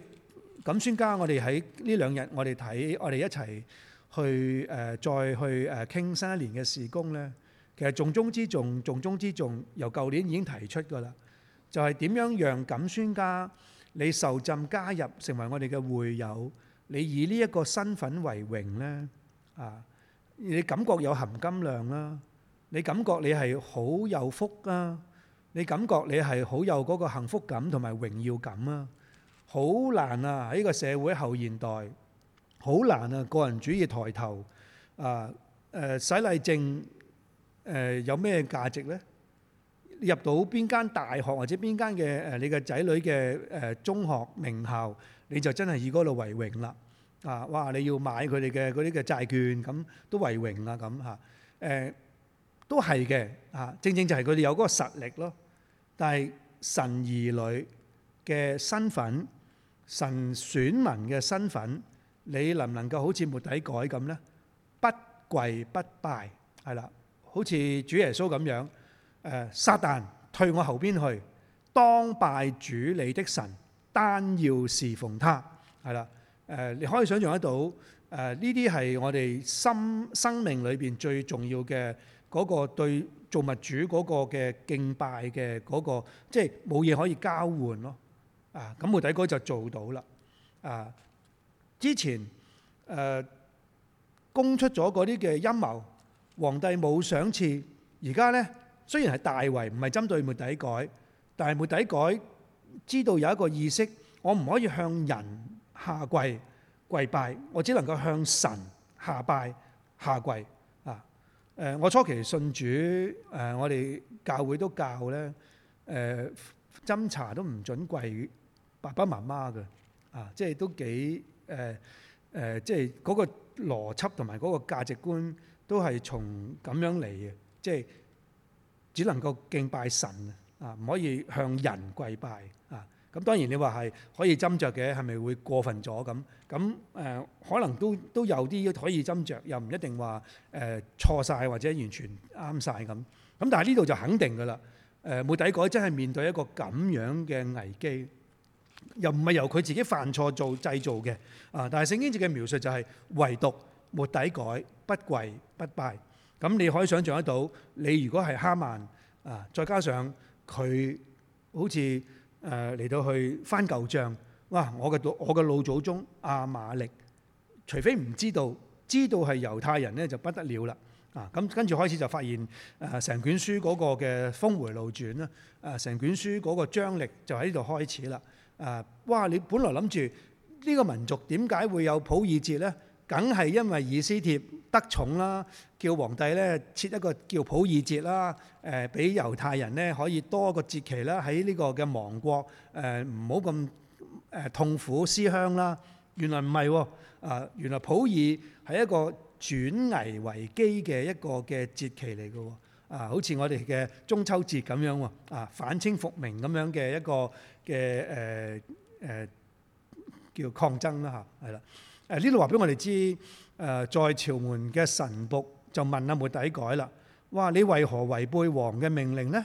錦孫家，我哋喺呢兩日，我哋睇，我哋一齊去誒，再去誒傾新一年嘅事工咧。其實重中之重，重中之重，由舊年已經提出噶啦，就係點樣讓錦孫家你受浸加入，成為我哋嘅會友，你以呢一個身份為榮咧。啊，你感覺有含金量啦。你感覺你係好有福啊！你感覺你係好有嗰個幸福感同埋榮耀感啊！好難啊！呢個社會後現代，好難啊！個人主義抬頭啊！誒洗禮證誒有咩價值呢？入到邊間大學或者邊間嘅誒你嘅仔女嘅誒中學名校，你就真係以嗰度為榮啦！啊哇！你要買佢哋嘅嗰啲嘅債券，咁都為榮啦咁嚇誒。都係嘅，啊，正正就係佢哋有嗰個實力咯。但係神兒女嘅身份、神選民嘅身份，你能唔能夠好似末底改咁呢？不跪不拜，係啦，好似主耶穌咁樣。誒，撒旦退我後邊去，當拜主你的神，單要侍奉他，係啦。誒，你可以想象得到，誒呢啲係我哋心生命裏邊最重要嘅。嗰個對造物主嗰個嘅敬拜嘅嗰個，即係冇嘢可以交換咯。啊，咁末底改就做到啦。啊，之前誒供、呃、出咗嗰啲嘅陰謀，皇帝冇賞賜。而家呢，雖然係大圍，唔係針對末底改，但係末底改知道有一個意識，我唔可以向人下跪跪拜，我只能夠向神下拜下跪。誒、呃、我初期信主，誒、呃、我哋教會都教咧，誒、呃、斟茶都唔准跪爸爸媽媽嘅，啊，即係都幾誒誒、呃呃，即係嗰個邏輯同埋嗰個價值觀都係從咁樣嚟嘅，即係只能夠敬拜神啊，啊，唔可以向人跪拜啊。咁當然你話係可以斟酌嘅，係咪會過分咗咁？咁誒、呃、可能都都有啲可以斟酌，又唔一定話誒錯晒，或者完全啱晒。咁。咁但係呢度就肯定㗎啦。誒、呃、末底改真係面對一個咁樣嘅危機，又唔係由佢自己犯錯做製造嘅啊！但係聖經節嘅描述就係、是、唯獨末底改不跪不拜。咁你可以想象得到，你如果係哈曼啊，再加上佢好似～誒，嚟到去翻舊帳，哇！我嘅老我嘅老祖宗亞瑪力，除非唔知道，知道係猶太人咧，就不得了啦。啊，咁跟住開始就發現誒成、啊、卷書嗰個嘅峰迴路轉啦，誒、啊、成卷書嗰個張力就喺度開始啦。誒、啊，哇！你本來諗住呢個民族點解會有普爾節呢？梗係因為以斯帖得寵啦，叫皇帝咧設一個叫普爾節啦，誒俾猶太人咧可以多一個節期啦，喺呢個嘅亡國誒唔好咁誒痛苦思鄉啦。原來唔係喎，啊原來普爾係一個轉危為機嘅一個嘅節期嚟嘅喎，啊好似我哋嘅中秋節咁樣喎，啊反清復明咁樣嘅一個嘅誒誒叫抗爭啦吓，係啦。誒呢度話俾我哋知，誒在朝門嘅神僕就問阿、啊、末底改啦，哇！你為何違背王嘅命令呢？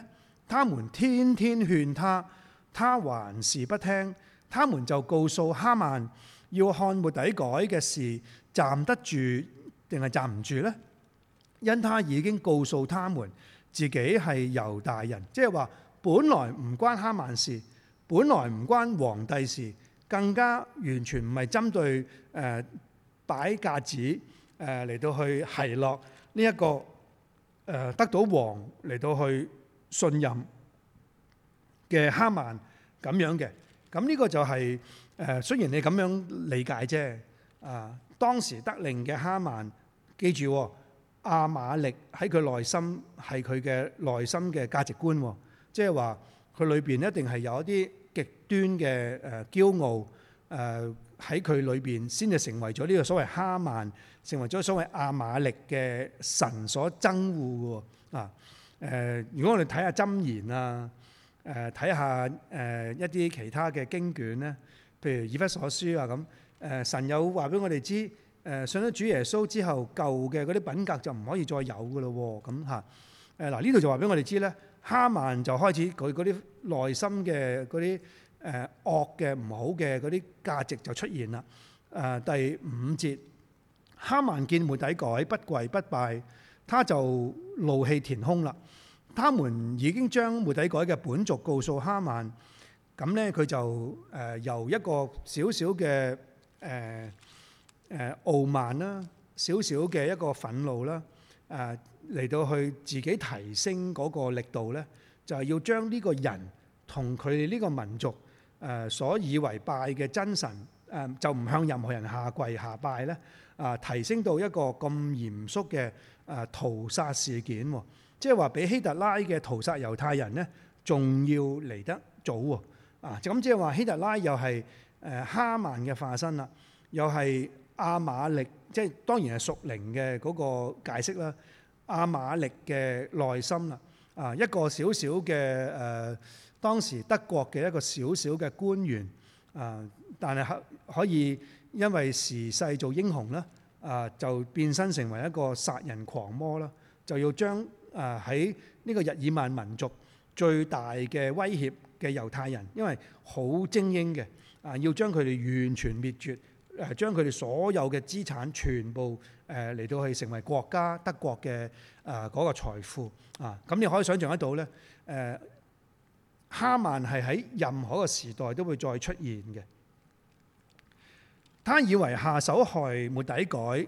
他們天天勸他，他還是不聽。他們就告訴哈曼，要看末底改嘅事站得住定係站唔住呢？因他已經告訴他們自己係猶大人，即係話本來唔關哈曼事，本來唔關皇帝事。更加完全唔係針對誒、呃、擺架子嚟、呃、到去奚落呢一個、呃、得到王嚟到去信任嘅哈曼咁樣嘅，咁呢個就係、是、誒、呃、雖然你咁樣理解啫啊、呃，當時得令嘅哈曼，記住、哦、亞瑪力喺佢內心係佢嘅內心嘅價值觀、哦，即係話佢裏邊一定係有一啲。端嘅誒驕傲誒喺佢裏邊，先至成為咗呢個所謂哈曼，成為咗所謂亞瑪力嘅神所憎惡嘅喎啊！誒，如果我哋睇下箴言啊，誒睇下誒一啲其他嘅經卷咧，譬如以弗所書啊咁，誒神有話俾我哋知，誒信咗主耶穌之後，舊嘅嗰啲品格就唔可以再有嘅咯喎，咁嚇誒嗱呢度就話俾我哋知咧，哈曼就開始佢嗰啲內心嘅嗰啲。誒惡嘅唔好嘅嗰啲價值就出現啦。誒第五節，哈曼見末底改不跪不拜，他就怒氣填胸啦。他們已經將末底改嘅本族告訴哈曼，咁咧佢就誒由一個少少嘅誒誒傲慢啦，少少嘅一個憤怒啦，誒嚟到去自己提升嗰個力度咧，就係要將呢個人同佢哋呢個民族。誒所以為拜嘅真神誒就唔向任何人下跪下拜咧啊，提升到一個咁嚴肅嘅誒屠殺事件喎，即係話比希特拉嘅屠殺猶太人咧，仲要嚟得早喎啊！咁即係話希特拉又係誒哈曼嘅化身啦，又係亞瑪力，即係當然係屬靈嘅嗰個解釋啦，亞瑪力嘅內心啦啊，一個小小嘅誒。當時德國嘅一個小小嘅官員啊、呃，但係可可以因為時勢做英雄啦啊、呃，就變身成為一個殺人狂魔啦，就要將啊喺呢個日耳曼民族最大嘅威脅嘅猶太人，因為好精英嘅啊、呃，要將佢哋完全滅絕，誒將佢哋所有嘅資產全部誒嚟、呃、到去成為國家德國嘅啊嗰個財富啊，咁你可以想象得到呢。誒、呃。哈曼係喺任何個時代都會再出現嘅。他以為下手害末底改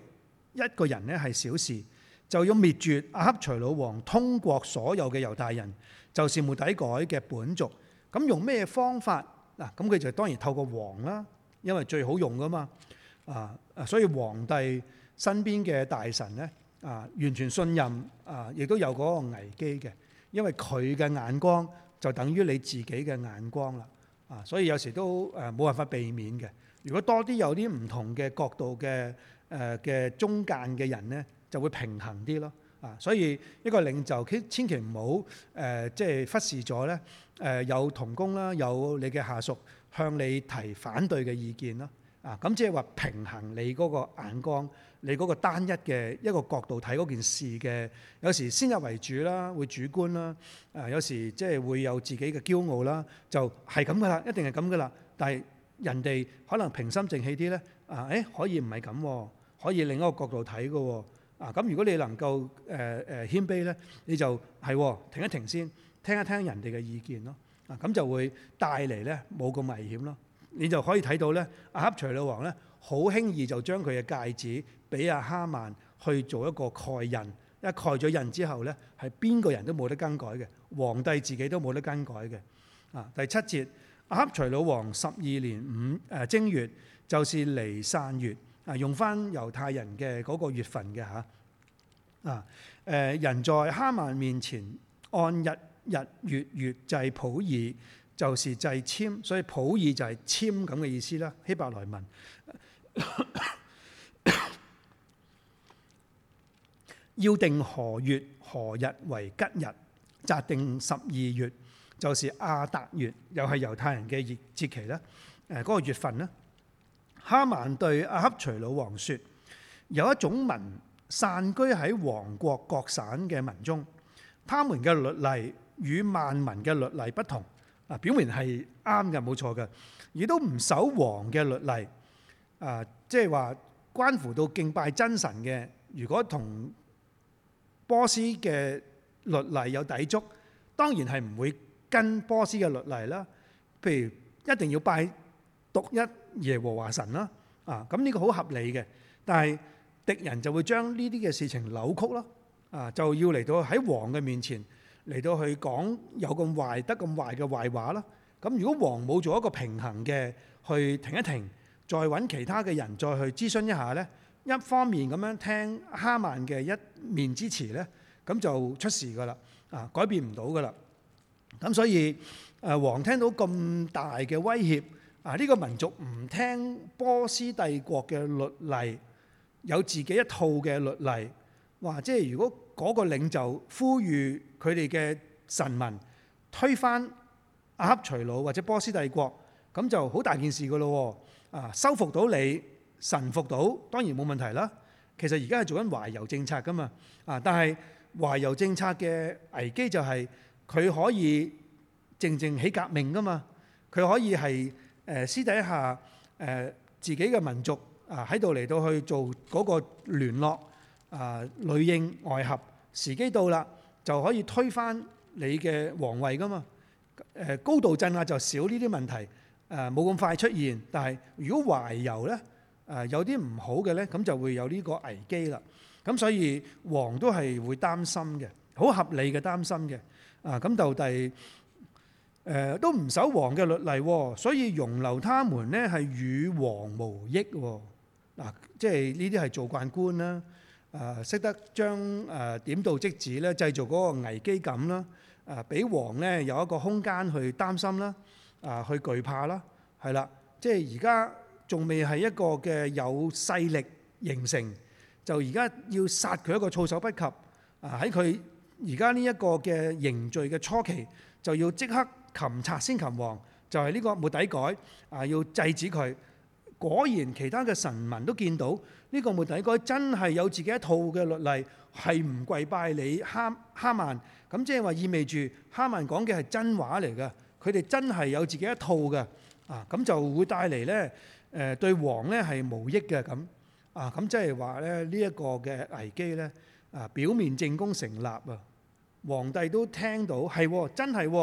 一個人咧係小事，就要滅絕亞哈隨魯王通國所有嘅猶太人，就是末底改嘅本族。咁用咩方法嗱？咁佢就當然透過王啦，因為最好用㗎嘛。啊所以皇帝身邊嘅大臣呢，啊完全信任啊，亦都有嗰個危機嘅，因為佢嘅眼光。就等於你自己嘅眼光啦，啊，所以有時都誒冇辦法避免嘅。如果多啲有啲唔同嘅角度嘅誒嘅中間嘅人咧，就會平衡啲咯，啊，所以一個領袖千千祈唔好誒，即係忽視咗咧誒，有同工啦，有你嘅下屬向你提反對嘅意見啦，啊，咁即係話平衡你嗰個眼光。你嗰個單一嘅一個角度睇嗰件事嘅，有時先入為主啦，會主觀啦，誒有時即係會有自己嘅驕傲啦，就係咁噶啦，一定係咁噶啦。但係人哋可能平心靜氣啲咧，啊誒可以唔係咁，可以另一個角度睇噶喎，啊咁如果你能夠誒誒謙卑咧，你就係停一停先，聽一聽人哋嘅意見咯，啊咁就會帶嚟咧冇咁危險咯，你就可以睇到咧，亞哈隨魯王咧好輕易就將佢嘅戒指。俾阿哈曼去做一個蓋印，一蓋咗印之後呢，係邊個人都冇得更改嘅，皇帝自己都冇得更改嘅，啊。第七節亞哈隨魯王十二年五誒、啊、正月，就是尼散月啊，用翻猶太人嘅嗰個月份嘅嚇啊，啊人在哈曼面前按日日月月掣普珥，就是掣籤，所以普珥就係籤咁嘅意思啦。希伯來文。 (coughs) 要定何月何日為吉日？擇定十二月，就是亞達月，又係猶太人嘅節節期咧。誒嗰個月份咧，哈曼對亞哈隨魯王説：有一種民散居喺王國各省嘅民中，他們嘅律例與萬民嘅律例不同。啊，表面係啱嘅，冇錯嘅，亦都唔守王嘅律例。啊，即係話關乎到敬拜真神嘅，如果同波斯嘅律例有抵觸，當然係唔會跟波斯嘅律例啦。譬如一定要拜獨一耶和華神啦，啊，咁呢個好合理嘅。但係敵人就會將呢啲嘅事情扭曲咯，啊，就要嚟到喺王嘅面前嚟到去講有咁壞得咁壞嘅壞話啦。咁如果王冇做一個平衡嘅去停一停，再搵其他嘅人再去諮詢一下呢？一方面咁樣聽哈曼嘅一面之詞呢，咁就出事噶啦，啊改變唔到噶啦。咁所以，誒、啊、王聽到咁大嘅威脅，啊呢、這個民族唔聽波斯帝國嘅律例，有自己一套嘅律例，話即係如果嗰個領袖呼籲佢哋嘅臣民推翻亞哈隨魯或者波斯帝國，咁就好大件事噶咯喎，啊收復到你。臣服到當然冇問題啦。其實而家係做緊懷柔政策噶嘛，啊！但係懷柔政策嘅危機就係佢可以靜靜起革命噶嘛，佢可以係誒、呃、私底下誒、呃、自己嘅民族啊喺度嚟到去做嗰個聯絡啊裏、呃呃、應外合，時機到啦就可以推翻你嘅皇位噶嘛。誒、呃、高度鎮壓就少呢啲問題，誒冇咁快出現。但係如果懷柔呢？誒有啲唔好嘅咧，咁就會有呢個危機啦。咁所以王都係會擔心嘅，好合理嘅擔心嘅。啊，咁就第誒都唔守王嘅律例喎，所以容留他們咧係與王無益喎。嗱，即係呢啲係做慣官啦，誒識得將誒點到即止咧，製造嗰個危機感啦，誒俾王咧有一個空間去擔心啦，啊去懼怕啦，係啦，即係而家。仲未係一個嘅有勢力形成，就而家要殺佢一個措手不及。啊，喺佢而家呢一個嘅凝聚嘅初期，就要即刻擒賊先擒王，就係呢個末底改啊，要制止佢。果然其他嘅臣民都見到呢個末底改真係有自己一套嘅律例，係唔跪拜你哈哈曼。咁即係話意味住哈曼講嘅係真話嚟嘅，佢哋真係有自己一套嘅啊，咁就會帶嚟咧。誒對王咧係無益嘅咁啊，咁即係話咧呢一個嘅危機咧啊，表面證供成立啊，皇帝都聽到係真係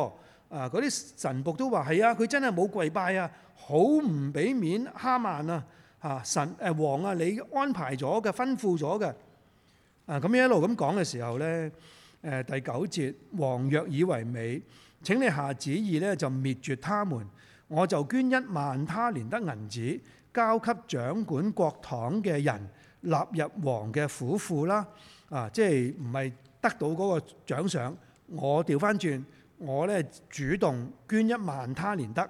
啊，嗰啲神僕都話係啊，佢真係冇跪拜啊，好唔俾面哈曼啊嚇神誒王啊，你安排咗嘅吩咐咗嘅啊，咁一路咁講嘅時候咧誒，第九節，王若以為美，請你下旨意咧就滅絕他們。我就捐一萬他連得銀子，交給掌管國帑嘅人納入王嘅府庫啦。啊，即係唔係得到嗰個獎賞？我調翻轉，我呢主動捐一萬他連得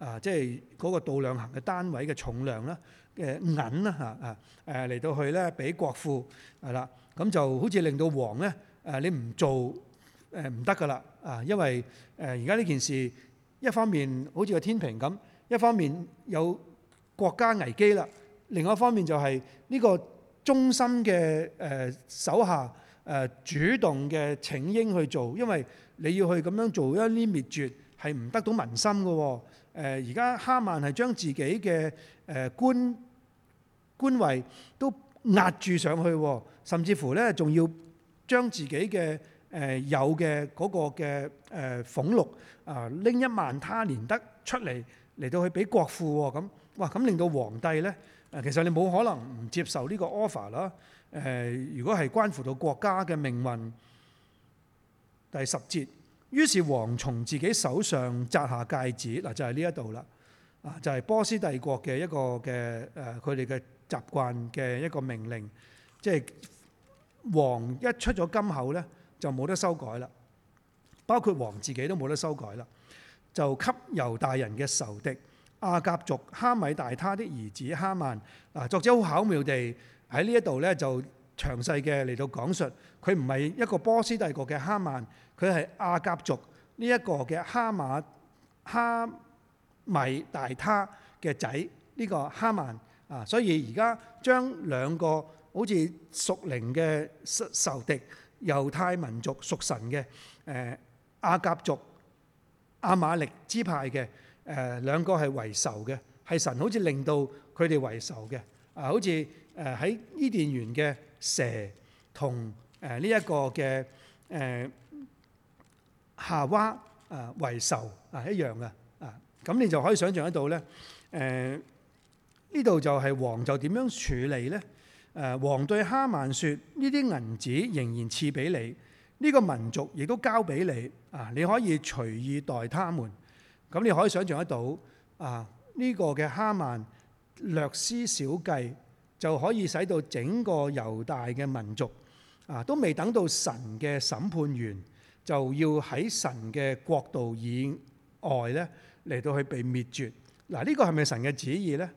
啊，即係嗰個度量衡嘅單位嘅重量啦嘅銀啦嚇啊誒嚟、啊啊、到去呢，俾國庫係啦，咁就好似令到王呢，誒、啊、你唔做誒唔得㗎啦啊，因為誒而家呢件事。一方面好似個天平咁，一方面有國家危機啦，另外一方面就係呢個忠心嘅、呃、手下、呃、主動嘅請纓去做，因為你要去咁樣做一啲滅絕係唔得到民心嘅喎、哦。呃、而家哈曼係將自己嘅誒、呃、官官位都壓住上去、哦，甚至乎呢仲要將自己嘅。誒、呃、有嘅嗰個嘅誒俸祿啊，拎、呃、一萬他連得出嚟嚟到去俾國庫喎，咁、哦、哇咁令到皇帝呢，啊其實你冇可能唔接受呢個 offer 啦。誒、呃，如果係關乎到國家嘅命運，第十節，於是王從自己手上摘下戒指，嗱、呃、就係呢一度啦，啊、呃、就係、是、波斯帝國嘅一個嘅誒，佢哋嘅習慣嘅一個命令，即係王一出咗金口呢。就冇得修改啦，包括王自己都冇得修改啦。就給猶大人嘅仇敵亞甲族哈米大他的兒子哈曼。嗱，作者好巧妙地喺呢一度呢，就詳細嘅嚟到講述佢唔係一個波斯帝國嘅哈曼，佢係亞甲族呢一個嘅哈馬哈米大他嘅仔呢個哈曼啊。所以而家將兩個好似屬靈嘅仇仇敵。猶太民族屬神嘅，誒亞迦族、亞瑪力支派嘅，誒兩個係為仇嘅，係神好似令到佢哋為仇嘅，啊，好似誒喺伊甸園嘅蛇同誒呢一個嘅誒夏娃啊為仇啊一樣嘅，啊，咁、啊啊啊啊、你就可以想象得到咧，誒呢度就係王就點樣處理咧？誒，王對哈曼說：呢啲銀紙仍然賜俾你，呢、這個民族亦都交俾你啊，你可以隨意待他們。咁你可以想象得到啊，呢、這個嘅哈曼略施小計就可以使到整個猶大嘅民族啊，都未等到神嘅審判完，就要喺神嘅國度以外咧嚟到去被滅絕。嗱、啊，呢、這個係咪神嘅旨意呢？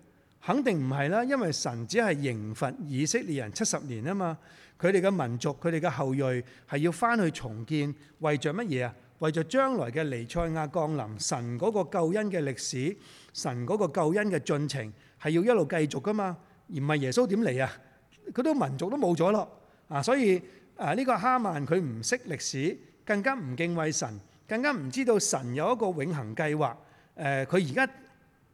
肯定唔係啦，因為神只係刑罰以色列人七十年啊嘛。佢哋嘅民族，佢哋嘅後裔係要翻去重建，為著乜嘢啊？為著將來嘅彌賽亞降臨，神嗰個救恩嘅歷史，神嗰個救恩嘅進程係要一路繼續噶嘛。而唔係耶穌點嚟啊？嗰啲民族都冇咗咯啊！所以啊，呢個哈曼佢唔識歷史，更加唔敬畏神，更加唔知道神有一個永恆計劃。誒，佢而家。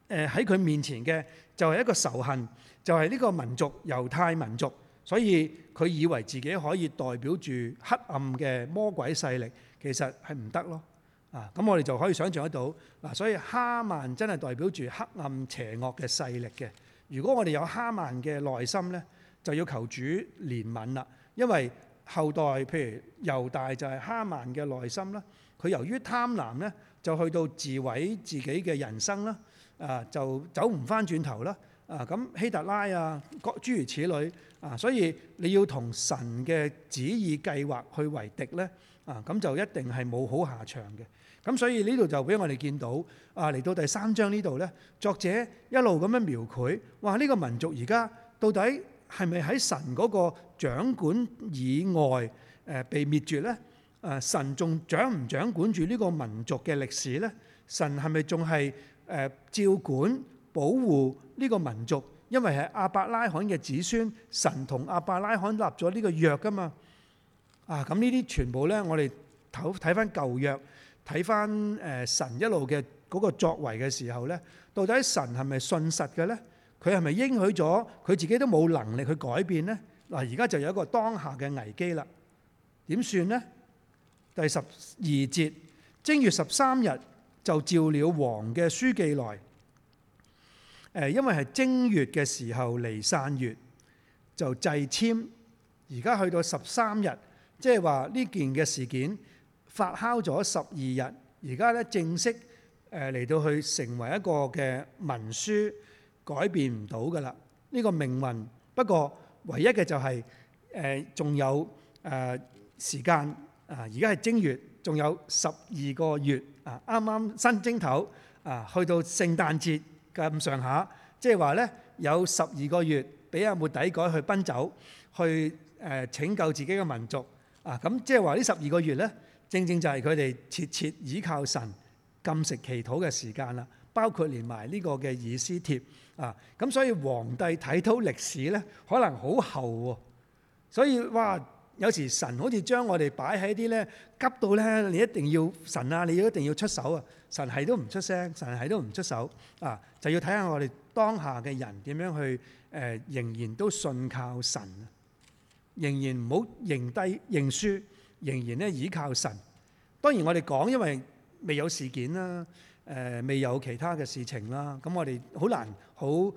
誒，喺佢面前嘅就係一個仇恨，就係呢個民族，猶太民族，所以佢以為自己可以代表住黑暗嘅魔鬼勢力，其實係唔得咯。啊，咁我哋就可以想象得到嗱，所以哈曼真係代表住黑暗邪惡嘅勢力嘅。如果我哋有哈曼嘅內心呢，就要求主憐憫啦，因為後代譬如猶大就係哈曼嘅內心啦。佢由於貪婪呢，就去到自毀自己嘅人生啦。啊，就走唔翻轉頭啦！啊，咁希特拉啊，各諸如此類啊，所以你要同神嘅旨意計劃去為敵呢，啊，咁就一定係冇好下場嘅。咁所以呢度就俾我哋見到，啊，嚟到第三章呢度呢，作者一路咁樣描繪，哇！呢個民族而家到底係咪喺神嗰個掌管以外誒被滅絕呢？啊，神仲掌唔掌管住呢個民族嘅歷史呢？神係咪仲係？誒、嗯、照管保護呢個民族，因為係阿伯拉罕嘅子孫，神同阿伯拉罕立咗呢個約噶嘛。啊，咁呢啲全部呢，我哋睇睇翻舊約，睇翻誒神一路嘅嗰個作為嘅時候呢，到底神係咪信實嘅呢？佢係咪應許咗佢自己都冇能力去改變呢？嗱，而家就有一個當下嘅危機啦。點算呢？第十二節，正月十三日。就召了王嘅書記來，誒，因為係正月嘅時候尼散月，就掣籤。而家去到十三日，即係話呢件嘅事件發酵咗十二日，而家咧正式嚟到去成為一個嘅文書，改變唔到噶啦呢個命運。不過唯一嘅就係誒，仲有誒、呃、時間啊，而家係正月，仲有十二個月。啱啱新正頭啊，去到聖誕節咁上下，即係話呢，有十二個月俾阿末底改去奔走，去誒拯救自己嘅民族啊！咁即係話呢十二個月呢，正正就係佢哋切切倚靠神、禁食祈禱嘅時間啦。包括連埋呢個嘅以斯帖啊，咁所以皇帝睇到歷史呢，可能好厚喎。所以話。有時神好似將我哋擺喺啲咧急到咧，你一定要神啊！你要一定要出手啊！神係都唔出聲，神係都唔出手啊！就要睇下我哋當下嘅人點樣去誒，仍然都信靠神，仍然唔好認低認輸，仍然咧倚靠神。當然我哋講，因為未有事件啦，誒未有其他嘅事情啦，咁我哋好難好誒，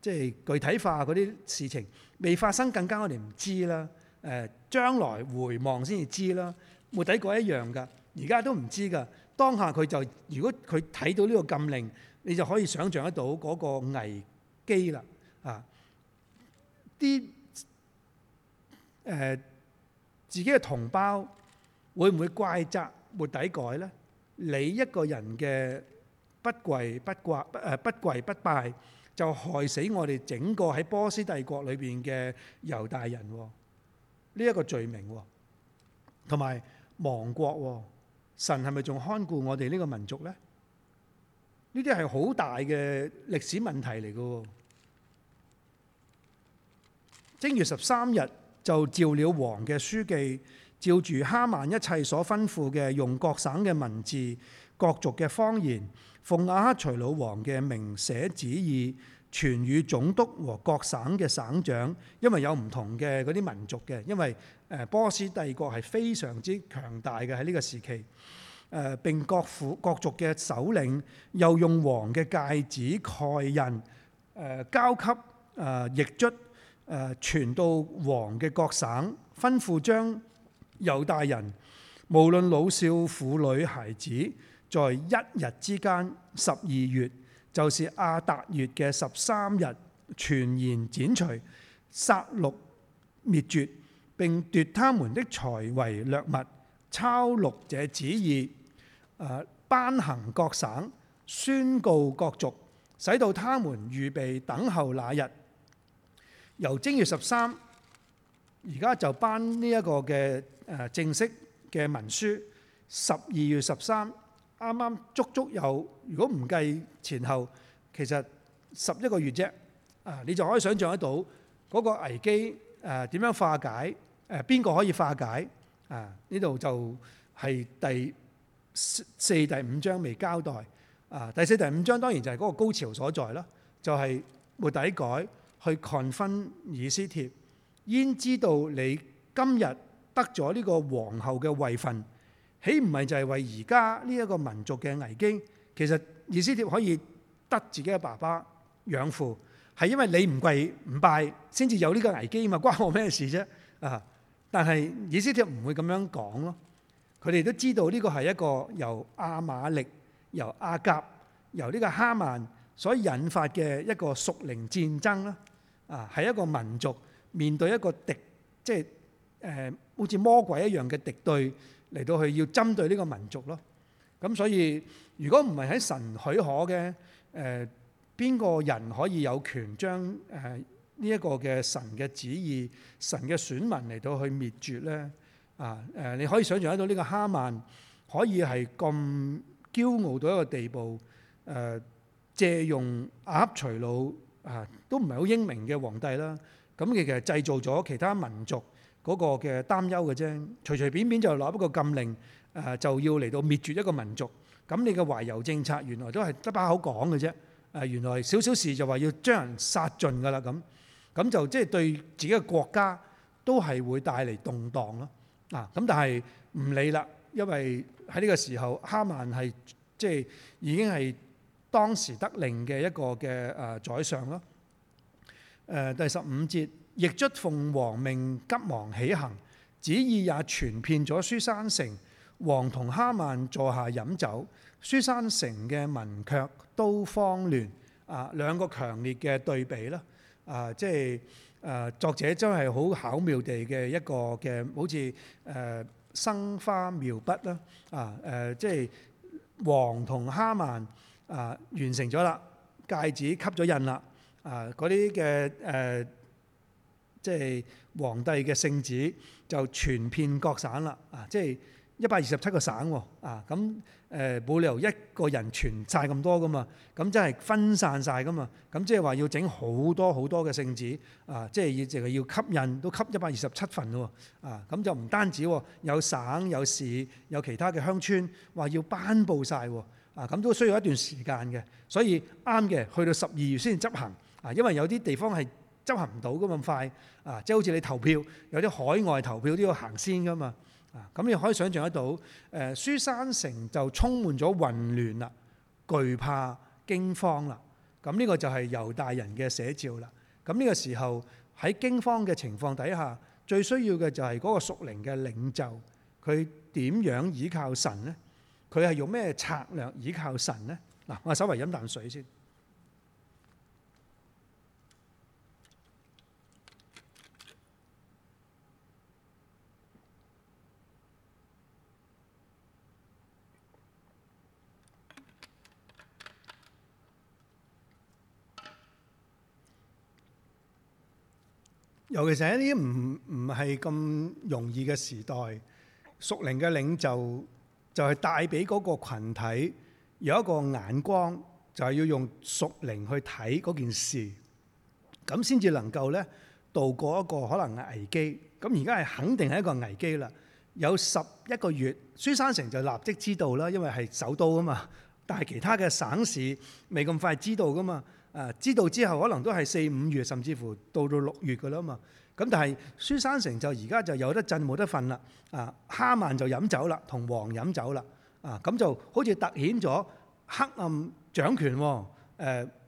即係具體化嗰啲事情未發生，更加我哋唔知啦。誒將來回望先至知啦，末底改一樣㗎。而家都唔知㗎，當下佢就如果佢睇到呢個禁令，你就可以想像得到嗰個危機啦。啊，啲誒自己嘅同胞會唔會怪責末底改呢？你一個人嘅不跪不掛，誒不跪不拜，就害死我哋整個喺波斯帝國裏邊嘅猶大人喎。呢一個罪名喎，同埋亡國喎，神係咪仲看顧我哋呢個民族呢？呢啲係好大嘅歷史問題嚟嘅。正月十三日就召了王嘅書記，照住哈曼一切所吩咐嘅，用各省嘅文字、各族嘅方言，奉亞哈隨魯王嘅名寫旨意。傳與總督和各省嘅省長，因為有唔同嘅嗰啲民族嘅，因為誒波斯帝國係非常之強大嘅喺呢個時期，誒並各府各族嘅首領，又用王嘅戒指蓋印，誒交給誒驛卒，誒傳到王嘅各省，吩咐將猶大人，無論老少婦女孩子，在一日之間十二月。就是亞達月嘅十三日，全然剪除、殺戮、滅絕，並奪他們的財為掠物，抄錄這旨意，誒、呃，頒行各省，宣告各族，使到他們預備等候那日。由正月十三，而家就頒呢一個嘅誒正式嘅文書，十二月十三。啱啱足足有，如果唔計前後，其實十一個月啫。啊，你就可以想像得到嗰個危機誒點樣化解？誒邊個可以化解？啊，呢度就係第四、第五章未交代。啊，第四、第五章當然就係嗰個高潮所在啦。就係末底改去困婚以斯帖，焉知道你今日得咗呢個皇后嘅位份？你唔係就係為而家呢一個民族嘅危機，其實以斯帖可以得自己嘅爸爸養父，係因為你唔跪唔拜，先至有呢個危機嘛，關我咩事啫？啊！但係以斯帖唔會咁樣講咯，佢哋都知道呢個係一個由亞瑪力、由亞甲、由呢個哈曼所引發嘅一個屬靈戰爭啦。啊，係一個民族面對一個敵，即係誒好似魔鬼一樣嘅敵對。嚟到去要針對呢個民族咯，咁所以如果唔係喺神許可嘅，誒、呃、邊個人可以有權將誒呢一個嘅神嘅旨意、神嘅選民嚟到去滅絕咧？啊誒、呃，你可以想象得到呢個哈曼可以係咁驕傲到一個地步，誒、呃、借用亞哈隨魯啊，都唔係好英明嘅皇帝啦。咁、嗯、其實製造咗其他民族。嗰個嘅擔憂嘅啫，隨隨便便就攞一個禁令，誒就要嚟到滅絕一個民族，咁你嘅懷柔政策原來都係得把口講嘅啫，誒原來少少事就話要將人殺盡噶啦咁，咁就即係對自己嘅國家都係會帶嚟動盪咯。嗱，咁但係唔理啦，因為喺呢個時候哈曼係即係已經係當時得令嘅一個嘅誒宰相咯。誒第十五節。驛卒奉王命，急忙起行，旨意也傳遍咗書珊城。王同哈曼坐下飲酒，書珊城嘅民卻都慌亂。啊，兩個強烈嘅對比啦。啊，即係啊，作者真係好巧妙地嘅一個嘅，好似誒生花妙筆啦。啊，誒即係王同哈曼啊，完成咗啦，戒指吸咗印啦。啊，嗰啲嘅誒。即係皇帝嘅聖旨就全遍各省啦，啊，即係一百二十七個省喎、哦，啊，咁誒冇理由一個人傳晒咁多噶嘛，咁真係分散晒噶嘛，咁即係話要整好多好多嘅聖旨，啊，即係要淨係要吸引都吸一百二十七份喎、哦，啊，咁、啊、就唔單止喎、哦，有省有市有其他嘅鄉村話要頒布晒喎，啊，咁、啊、都、啊嗯、需要一段時間嘅，所以啱嘅去到十二月先執行，啊，因為有啲地方係，執行唔到咁快啊！即係好似你投票，有啲海外投票都要行先噶嘛啊！咁你可以想象得到，誒、啊，書珊城就充滿咗混亂啦、懼怕驚慌、驚慌啦。咁、這、呢個就係猶大人嘅寫照啦。咁、啊、呢、這個時候喺驚慌嘅情況底下，最需要嘅就係嗰個屬靈嘅領袖，佢點樣依靠神呢？佢係用咩策略依靠神呢？嗱、啊，我稍為飲啖水先。尤其是喺啲唔唔係咁容易嘅時代，屬靈嘅領袖就係帶俾嗰個羣體有一個眼光，就係要用屬靈去睇嗰件事，咁先至能夠呢渡過一個可能嘅危機。咁而家係肯定係一個危機啦。有十一個月，書珊城就立即知道啦，因為係首都啊嘛。但係其他嘅省市未咁快知道㗎嘛。啊！知道之後，可能都係四五月，甚至乎到到六月㗎啦嘛。咁但係書珊城就而家就有得震冇得瞓啦。啊，哈曼就飲酒啦，同王飲酒啦。啊，咁就好似突顯咗黑暗掌權。誒、啊，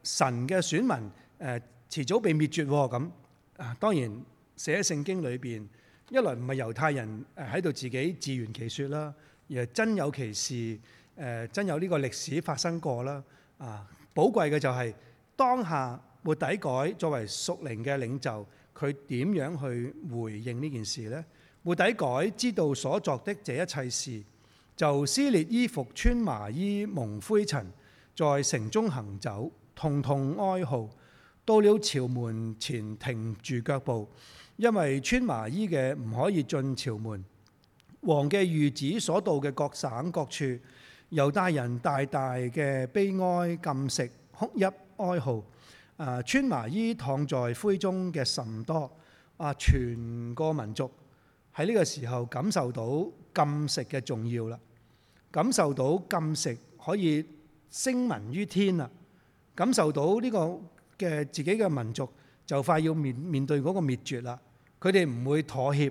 神嘅選民誒、啊、遲早被滅絕咁。啊，當然寫喺聖經裏邊，一來唔係猶太人喺度自己自圓其説啦，而係真有其事，誒、啊、真有呢個歷史發生過啦。啊，寶貴嘅就係、是。當下末底改作為屬靈嘅領袖，佢點樣去回應呢件事呢？末底改知道所作的這一切事，就撕裂衣服，穿麻衣，蒙灰塵，在城中行走，痛痛哀號。到了朝門前停住腳步，因為穿麻衣嘅唔可以進朝門。王嘅諭旨所到嘅各省各處，猶太人大大嘅悲哀，禁食，哭泣。哀號，啊！穿麻衣躺在灰中嘅甚多，啊！全個民族喺呢個時候感受到禁食嘅重要啦，感受到禁食可以聲聞於天啦，感受到呢個嘅自己嘅民族就快要面面對嗰個滅絕啦。佢哋唔會妥協，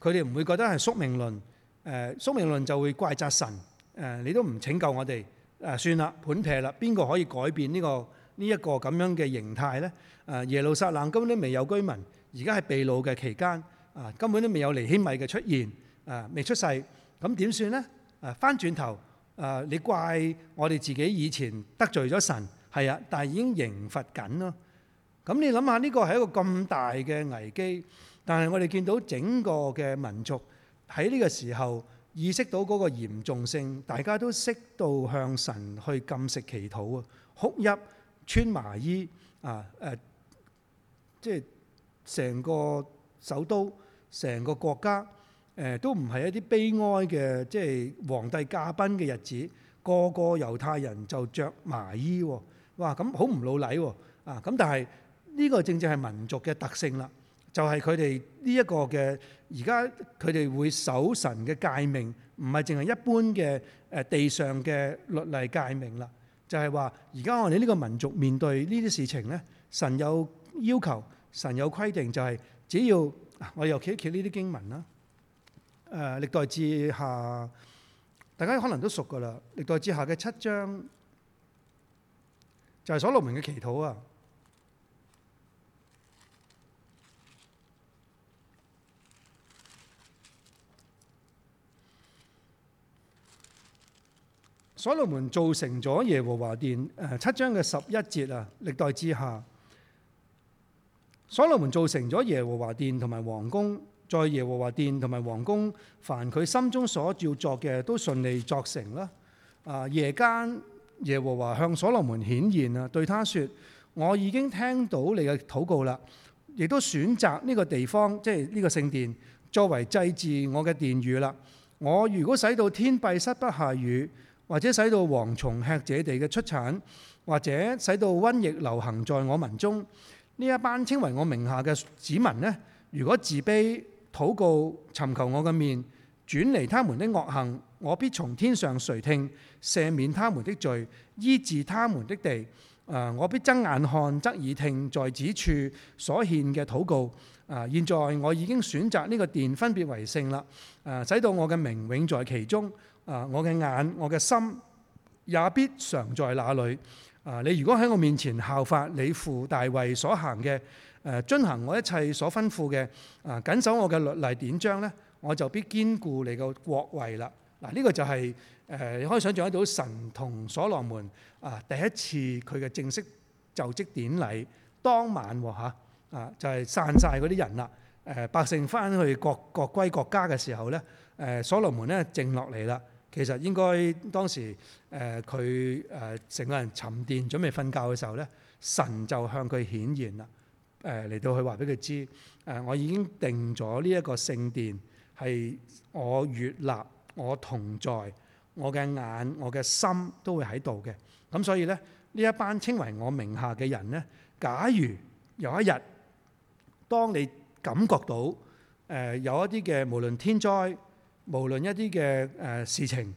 佢哋唔會覺得係宿命論，誒、呃、宿命論就會怪責神，誒、呃、你都唔拯救我哋，誒、啊、算啦，盤撇啦，邊個可以改變呢、這個？呢一個咁樣嘅形態咧，誒，耶路撒冷根本都未有居民，而家係被擄嘅期間，啊，根本都未有尼希米嘅出現，誒，未出世，咁點算咧？誒，翻轉頭，誒，你怪我哋自己以前得罪咗神，係啊，但係已經刑罰緊咯。咁你諗下呢個係一個咁大嘅危機，但係我哋見到整個嘅民族喺呢個時候意識到嗰個嚴重性，大家都識到向神去禁食祈禱啊，哭泣。穿麻衣啊，誒，即係成個首都、成個國家，誒都唔係一啲悲哀嘅，即係皇帝駕崩嘅日子。個個猶太人就著麻衣喎，哇！咁好唔老禮喎，啊！咁但係呢個正正係民族嘅特性啦，就係佢哋呢一個嘅而家佢哋會守神嘅誡命，唔係淨係一般嘅誒地上嘅律例誡命啦。就係話，而家我哋呢個民族面對呢啲事情咧，神有要求，神有規定，就係只要我又揭一揭呢啲經文啦。誒、呃，歷代志下，大家可能都熟噶啦，歷代志下嘅七章，就係、是、所羅門嘅祈禱啊。所羅門造成咗耶和華殿，誒七章嘅十一節啊，歷代志下，所羅門造成咗耶和華殿同埋王宮，在耶和華殿同埋王宮，凡佢心中所要作嘅都順利作成啦。啊，夜間耶和華向所羅門顯現啊，對他説：我已經聽到你嘅禱告啦，亦都選擇呢個地方，即係呢個聖殿，作為祭祀我嘅殿宇啦。我如果使到天閉塞不下雨，或者使到蝗蟲吃這地嘅出產，或者使到瘟疫流行在我民中，呢一班稱為我名下嘅子民呢，如果自卑、禱告、尋求我嘅面，轉離他們的惡行，我必從天上垂聽，赦免他們的罪，醫治他們的地。啊，我必睜眼看，側耳聽，在此處所獻嘅禱告。啊，現在我已經選擇呢個殿分別為聖啦，使到我嘅名永在其中。啊！我嘅眼、我嘅心也必常在那裡。啊！你如果喺我面前效法你父大衛所行嘅，誒遵行我一切所吩咐嘅，啊謹守我嘅律例典章呢，我就必堅固你嘅國位啦。嗱、這、呢個就係誒你可以想象得到神同所羅門啊第一次佢嘅正式就職典禮當晚喎，啊就係散晒嗰啲人啦，誒百姓翻去各各歸國家嘅時候呢，誒所羅門呢，靜落嚟啦。其實應該當時誒佢誒成個人沉澱準備瞓覺嘅時候咧，神就向佢顯現啦，誒嚟到去話俾佢知誒，我已經定咗呢一個聖殿係我悅納我同在，我嘅眼我嘅心都會喺度嘅。咁所以咧，呢一班稱為我名下嘅人咧，假如有一日當你感覺到誒有一啲嘅無論天災，無論一啲嘅誒事情，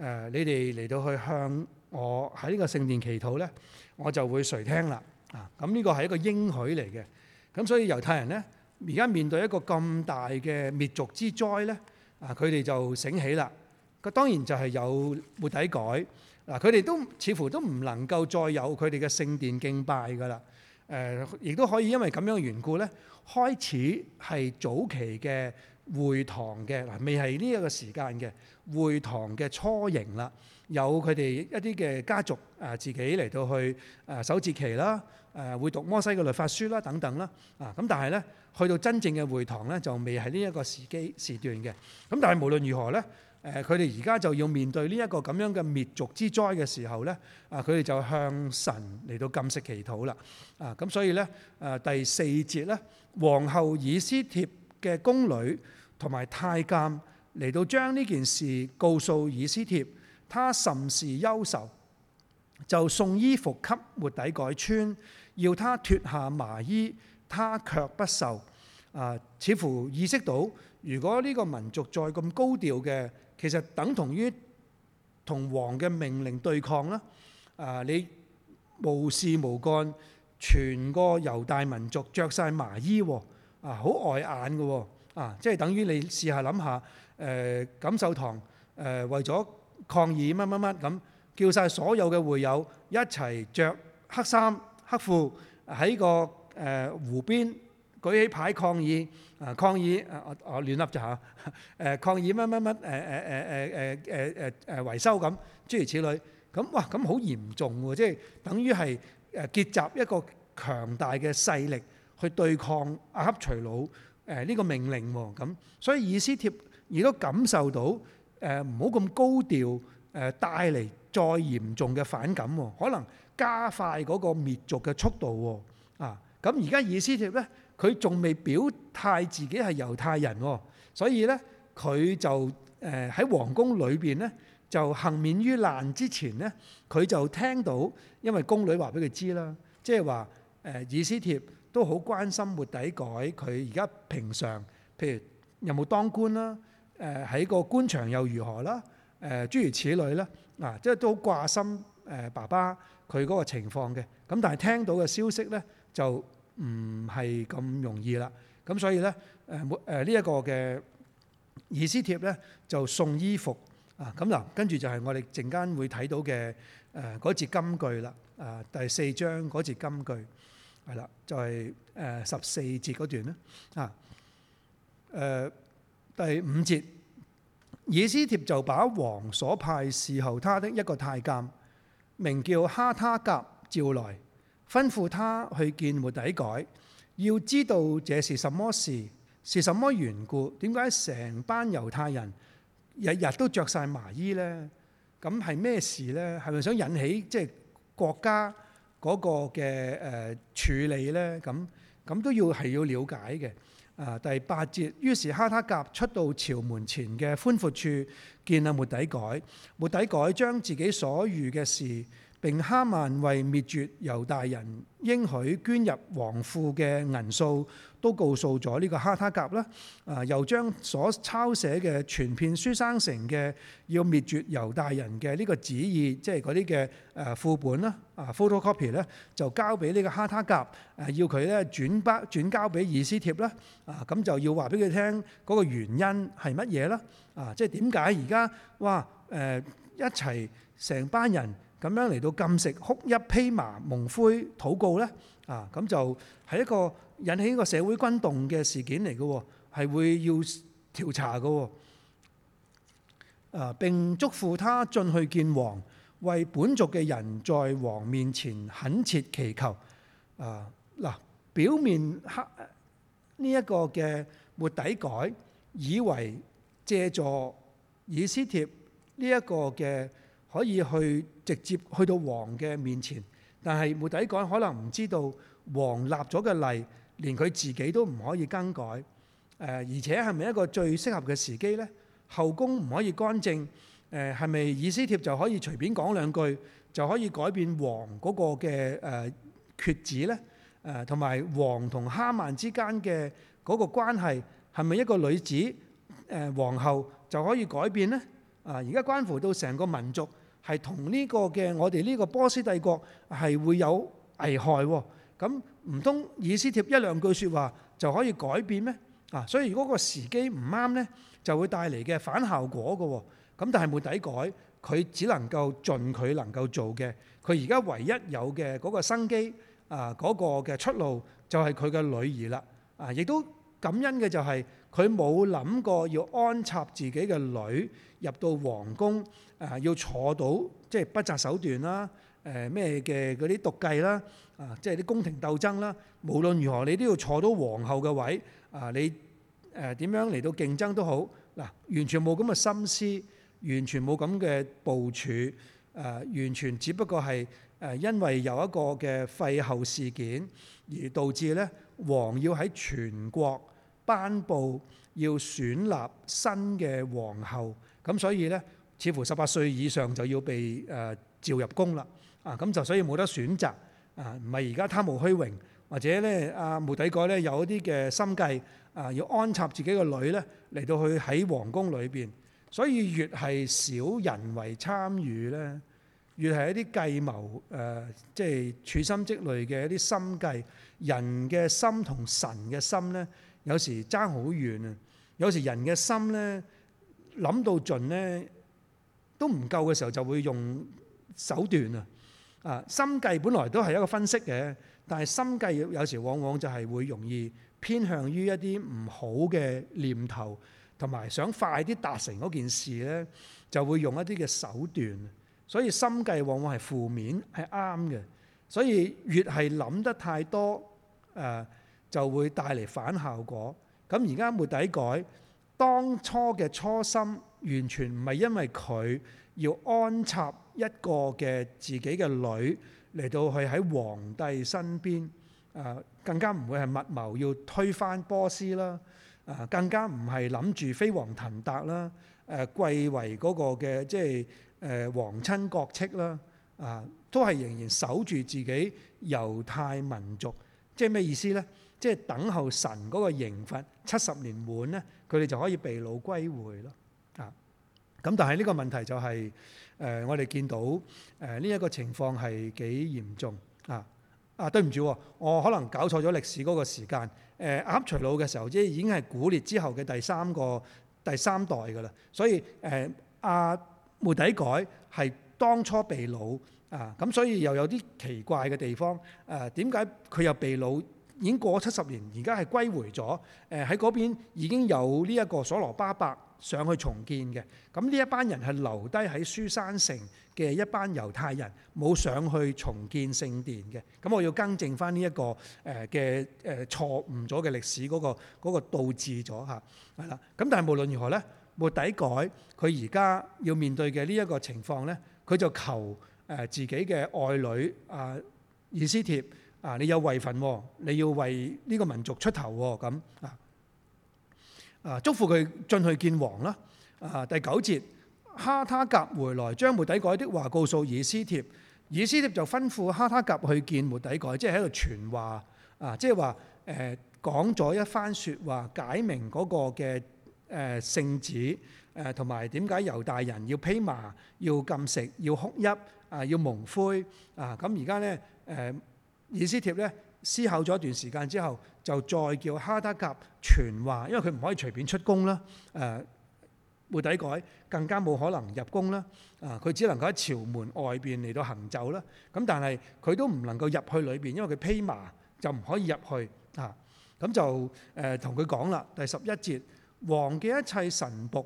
誒你哋嚟到去向我喺呢個聖殿祈禱咧，我就會垂聽啦。啊，咁呢個係一個應許嚟嘅。咁所以猶太人咧，而家面對一個咁大嘅滅族之災咧，啊佢哋就醒起啦。佢當然就係有末底改嗱，佢哋都似乎都唔能夠再有佢哋嘅聖殿敬拜噶啦。誒，亦都可以因為咁樣嘅緣故咧，開始係早期嘅會堂嘅嗱，未係呢一個時間嘅會堂嘅雛形啦，有佢哋一啲嘅家族啊，自己嚟到去啊守節期啦，誒會讀摩西嘅律法書啦等等啦。啊，咁但係咧，去到真正嘅會堂咧，就未係呢一個時機時段嘅。咁但係無論如何咧，誒佢哋而家就要面對呢一個咁樣嘅滅族之災嘅時候咧，啊佢哋就向神嚟到禁食祈禱啦。啊咁所以咧，誒第四節咧，皇后以斯帖嘅宮女。同埋太監嚟到將呢件事告訴以斯帖，他甚是憂愁，就送衣服給末底改穿，要他脫下麻衣，他卻不受。啊，似乎意識到如果呢個民族再咁高調嘅，其實等同於同王嘅命令對抗啦。啊，你無事無干，全個猶大民族着晒麻衣，啊，好礙眼嘅。啊！即係等於你試下諗下，誒錦繡堂誒為咗抗議乜乜乜咁，叫晒所有嘅會友一齊着黑衫黑褲喺個誒湖邊舉起牌抗議啊！抗議啊！我我亂噏就嚇誒抗議乜乜乜誒誒誒誒誒誒誒誒維修咁，諸如此類咁哇！咁好嚴重喎！即係等於係誒結集一個強大嘅勢力去對抗亞哈隨魯，誒呢個命令喎，咁所以以斯帖亦都感受到誒唔好咁高調，誒帶嚟再嚴重嘅反感喎，可能加快嗰個滅族嘅速度喎。啊，咁而家以斯帖呢，佢仲未表態自己係猶太人喎，所以呢，佢就誒喺、呃、皇宮裏邊呢，就幸免於難之前呢，佢就聽到，因為宮女話俾佢知啦，即係話誒以斯帖。都好關心末底改佢而家平常，譬如有冇當官啦？誒喺個官場又如何啦？誒諸如此類啦。啊，即係都好掛心誒爸爸佢嗰個情況嘅。咁但係聽到嘅消息呢，就唔係咁容易啦。咁所以呢誒沒誒呢一個嘅以斯帖呢，就送衣服啊。咁嗱，跟住就係我哋陣間會睇到嘅誒嗰節金句啦。啊，第四章嗰節金句。係啦，就係誒十四節嗰段啦，啊誒、呃、第五節，以斯帖就把王所派侍候他的一個太監，名叫哈他甲召來，吩咐他去見末底改，要知道這是什麼事，是什麼緣故？點解成班猶太人日日都着晒麻衣呢？咁係咩事呢？係咪想引起即係、就是、國家？嗰個嘅誒、呃、處理呢，咁咁都要係要了解嘅。啊，第八節，於是哈塔甲出到朝門前嘅寬闊處，見啊末底改，末底改將自己所遇嘅事，並哈曼為滅絕猶大人應許捐入王庫嘅銀數，都告訴咗呢個哈塔格啦。啊，又將所抄寫嘅傳遍書珊城嘅要滅絕猶大人嘅呢個旨意，即係嗰啲嘅誒副本啦，啊，photo copy 咧，就交俾呢個哈塔格誒，要佢咧轉俾轉交俾以斯帖啦。啊，咁就、啊、就要話俾佢聽嗰個原因係乜嘢啦？啊，即係點解而家哇誒、呃、一齊成班人？咁樣嚟到禁食、哭泣、披麻蒙灰、禱告呢，啊，咁就係一個引起一個社會轟動嘅事件嚟嘅喎，係會要調查嘅喎，啊，並囑咐他進去見王，為本族嘅人在王面前懇切祈求，啊，嗱，表面黑呢一個嘅末底改，以為借助以斯帖呢一個嘅。可以去直接去到王嘅面前，但係冇底講，可能唔知道王立咗嘅例，連佢自己都唔可以更改。誒，而且係咪一個最適合嘅時機咧？後宮唔可以幹政，誒，係咪以斯帖就可以隨便講兩句就可以改變王嗰個嘅誒決子咧？誒，同埋王同哈曼之間嘅嗰個關係係咪一個女子誒皇后就可以改變咧？啊，而家關乎到成個民族。係同呢個嘅我哋呢個波斯帝國係會有危害喎，咁唔通以斯帖一兩句説話就可以改變咩？啊，所以如果個時機唔啱呢，就會帶嚟嘅反效果嘅喎。咁但係冇底改，佢只能夠盡佢能夠做嘅。佢而家唯一有嘅嗰個生機啊，嗰個嘅出路就係佢嘅女兒啦。啊，亦都感恩嘅就係佢冇諗過要安插自己嘅女入到皇宮。誒要坐到即係、就是、不擇手段啦，誒咩嘅嗰啲毒計啦，啊、呃、即係啲宮廷鬥爭啦。無論如何，你都要坐到皇后嘅位。啊、呃，你誒點、呃、樣嚟到競爭都好，嗱、呃，完全冇咁嘅心思，完全冇咁嘅部署，誒、呃，完全只不過係誒因為有一個嘅廢后事件而導致呢，王要喺全國頒布要選立新嘅皇后，咁、呃、所以呢。似乎十八歲以上就要被誒召入宮啦，啊咁就所以冇得選擇啊，唔係而家貪慕虛榮，或者咧阿末底改咧有一啲嘅心計啊，要安插自己嘅女咧嚟到去喺皇宮裏邊。所以越係少人為參與咧，越係一啲計謀誒，即係處心積慮嘅一啲心計。人嘅心同神嘅心咧，有時爭好遠啊！有時人嘅心咧諗到盡咧。都唔夠嘅時候就會用手段啊！啊，心計本來都係一個分析嘅，但係心計有時往往就係會容易偏向於一啲唔好嘅念頭，同埋想快啲達成嗰件事呢就會用一啲嘅手段。所以心計往往係負面，係啱嘅。所以越係諗得太多，啊，就會帶嚟反效果。咁而家沒底改，當初嘅初心。完全唔係因為佢要安插一個嘅自己嘅女嚟到去喺皇帝身邊，誒更加唔會係密謀要推翻波斯啦，誒更加唔係諗住飛黃騰達啦，誒貴為嗰個嘅即係誒皇親國戚啦，啊都係仍然守住自己猶太民族，即係咩意思呢？即係等候神嗰個刑罰七十年滿呢，佢哋就可以被擄歸回咯。咁但係呢個問題就係、是，誒、呃、我哋見到誒呢一個情況係幾嚴重啊！啊對唔住，我可能搞錯咗歷史嗰個時間。誒、呃、亞哈隨魯嘅時候，即係已經係古列之後嘅第三個第三代㗎啦。所以誒阿末底改係當初被擄啊，咁所以又有啲奇怪嘅地方。誒點解佢又被擄？已經過咗七十年，而家係歸回咗。誒喺嗰邊已經有呢一個所羅巴伯。上去重建嘅，咁呢一班人係留低喺書珊城嘅一班猶太人，冇上去重建聖殿嘅，咁我要更正翻呢一個誒嘅誒錯誤咗嘅歷史嗰個嗰個導致咗嚇，係啦，咁但係無論如何呢，冇底改佢而家要面對嘅呢一個情況呢，佢就求誒自己嘅愛女啊，以、呃、斯帖啊，你有位份，你要為呢個民族出頭喎，咁啊。啊！祝福佢進去見王啦！啊，第九節哈他革回來將末底改的話告訴以斯帖，以斯帖就吩咐哈他革去見末底改，即係喺度傳話啊！即係話誒講咗一番説話，解明嗰個嘅誒、呃、聖旨誒，同埋點解猶大人要披麻、要禁食、要哭泣啊、要蒙灰啊！咁而家呢，誒、呃，以斯帖呢思考咗一段時間之後。就再叫哈德甲傳話，因為佢唔可以隨便出宮啦。誒，末底改，更加冇可能入宮啦。啊，佢只能夠喺朝門外邊嚟到行走啦。咁但係佢都唔能夠入去裏邊，因為佢披麻就唔可以入去啊。咁就誒同佢講啦。第十一節，王嘅一切臣僕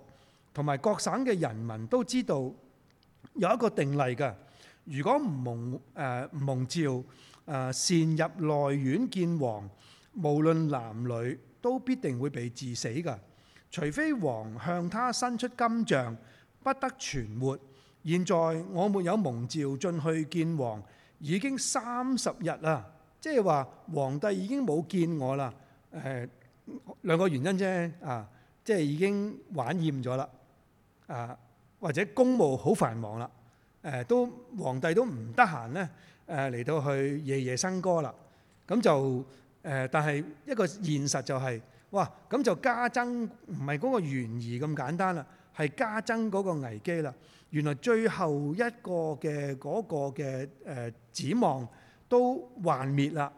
同埋各省嘅人民都知道有一個定例㗎。如果唔蒙誒唔蒙召誒擅入內院見王。無論男女都必定會被致死㗎，除非王向他伸出金杖，不得存活。現在我沒有蒙召進去見王，已經三十日啦，即係話皇帝已經冇見我啦。誒兩個原因啫啊，即係已經玩厭咗啦啊，或者公務好繁忙啦，誒、啊、都皇帝都唔得閒呢，誒、啊、嚟到去夜夜笙歌啦，咁就。但係一個現實就係、是，哇，咁就加增唔係嗰個懸疑咁簡單啦，係加增嗰個危機啦。原來最後一個嘅嗰個嘅誒指望都幻滅啦。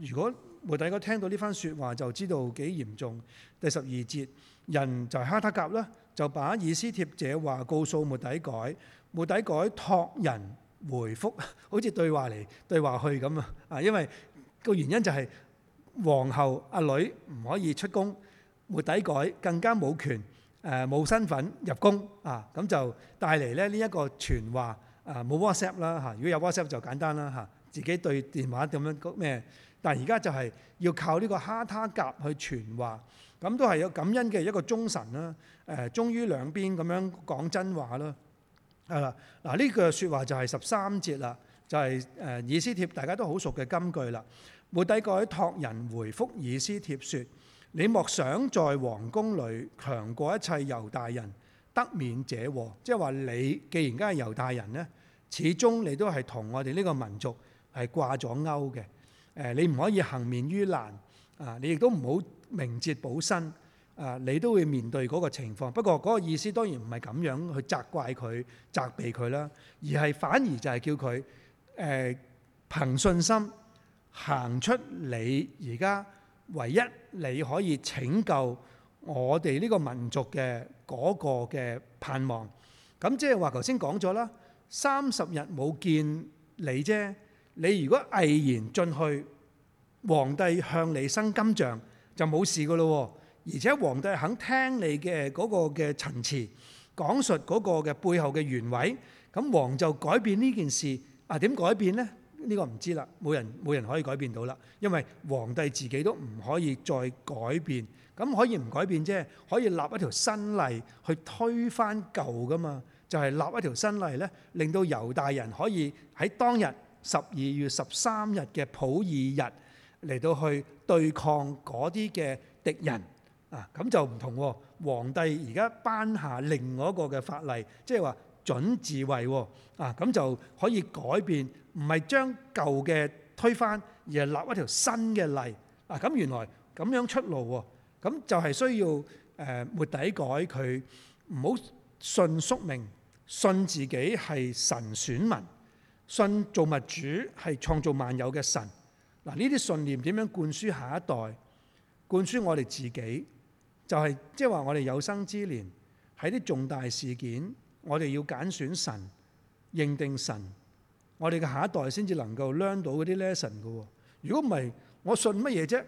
如果末底改聽到呢番説話，就知道幾嚴重。第十二節，人就係哈他革啦，就把以斯帖這話告訴末底改，末底改託人回覆，好似對話嚟對話去咁啊。啊，因為個原因就係皇后阿女唔可以出宮，末底改，更加冇權誒冇、呃、身份入宮啊！咁就帶嚟咧呢一、這個傳話啊冇 WhatsApp 啦嚇、啊，如果有 WhatsApp 就簡單啦嚇、啊，自己對電話點樣咩？但而家就係要靠呢個哈他甲去傳話，咁都係有感恩嘅一個忠臣啦誒、啊、忠於兩邊咁樣講真話啦係啦，嗱呢句説話就係十三節啦，就係誒以斯帖大家都好熟嘅金句啦。末底改託人回復以斯帖説：你莫想在王宮裏強過一切猶大人得免這禍。即係話你既然家係猶大人咧，始終你都係同我哋呢個民族係掛咗鈎嘅。誒，你唔可以幸免於難啊！你亦都唔好明哲保身啊！你都會面對嗰個情況。不過嗰個意思當然唔係咁樣去責怪佢、責備佢啦，而係反而就係叫佢誒憑信心。行出你而家唯一你可以拯救我哋呢個民族嘅嗰個嘅盼望，咁即係話頭先講咗啦，三十日冇見你啫，你如果毅然進去，皇帝向你生金像就冇事噶咯，而且皇帝係肯聽你嘅嗰個嘅陳詞，講述嗰個嘅背後嘅原委，咁王就改變呢件事啊？點改變咧？呢個唔知啦，冇人冇人可以改變到啦，因為皇帝自己都唔可以再改變。咁可以唔改變啫？可以立一條新例去推翻舊噶嘛？就係、是、立一條新例呢，令到猶大人可以喺當日十二月十三日嘅普珥日嚟到去對抗嗰啲嘅敵人啊！咁就唔同喎。皇帝而家頒下另外一個嘅法例，即係話。準智慧喎，啊咁就可以改變，唔係將舊嘅推翻，而係立一條新嘅例。啊咁原來咁樣出路喎，咁就係需要誒末底改佢，唔好信宿命，信自己係神選民，信造物主係創造萬有嘅神。嗱，呢啲信念點樣灌輸下一代，灌輸我哋自己，就係即係話我哋有生之年喺啲重大事件。我哋要揀選神，認定神，我哋嘅下一代先至能夠 learn 到嗰啲 lesson 嘅。如果唔係，我信乜嘢啫？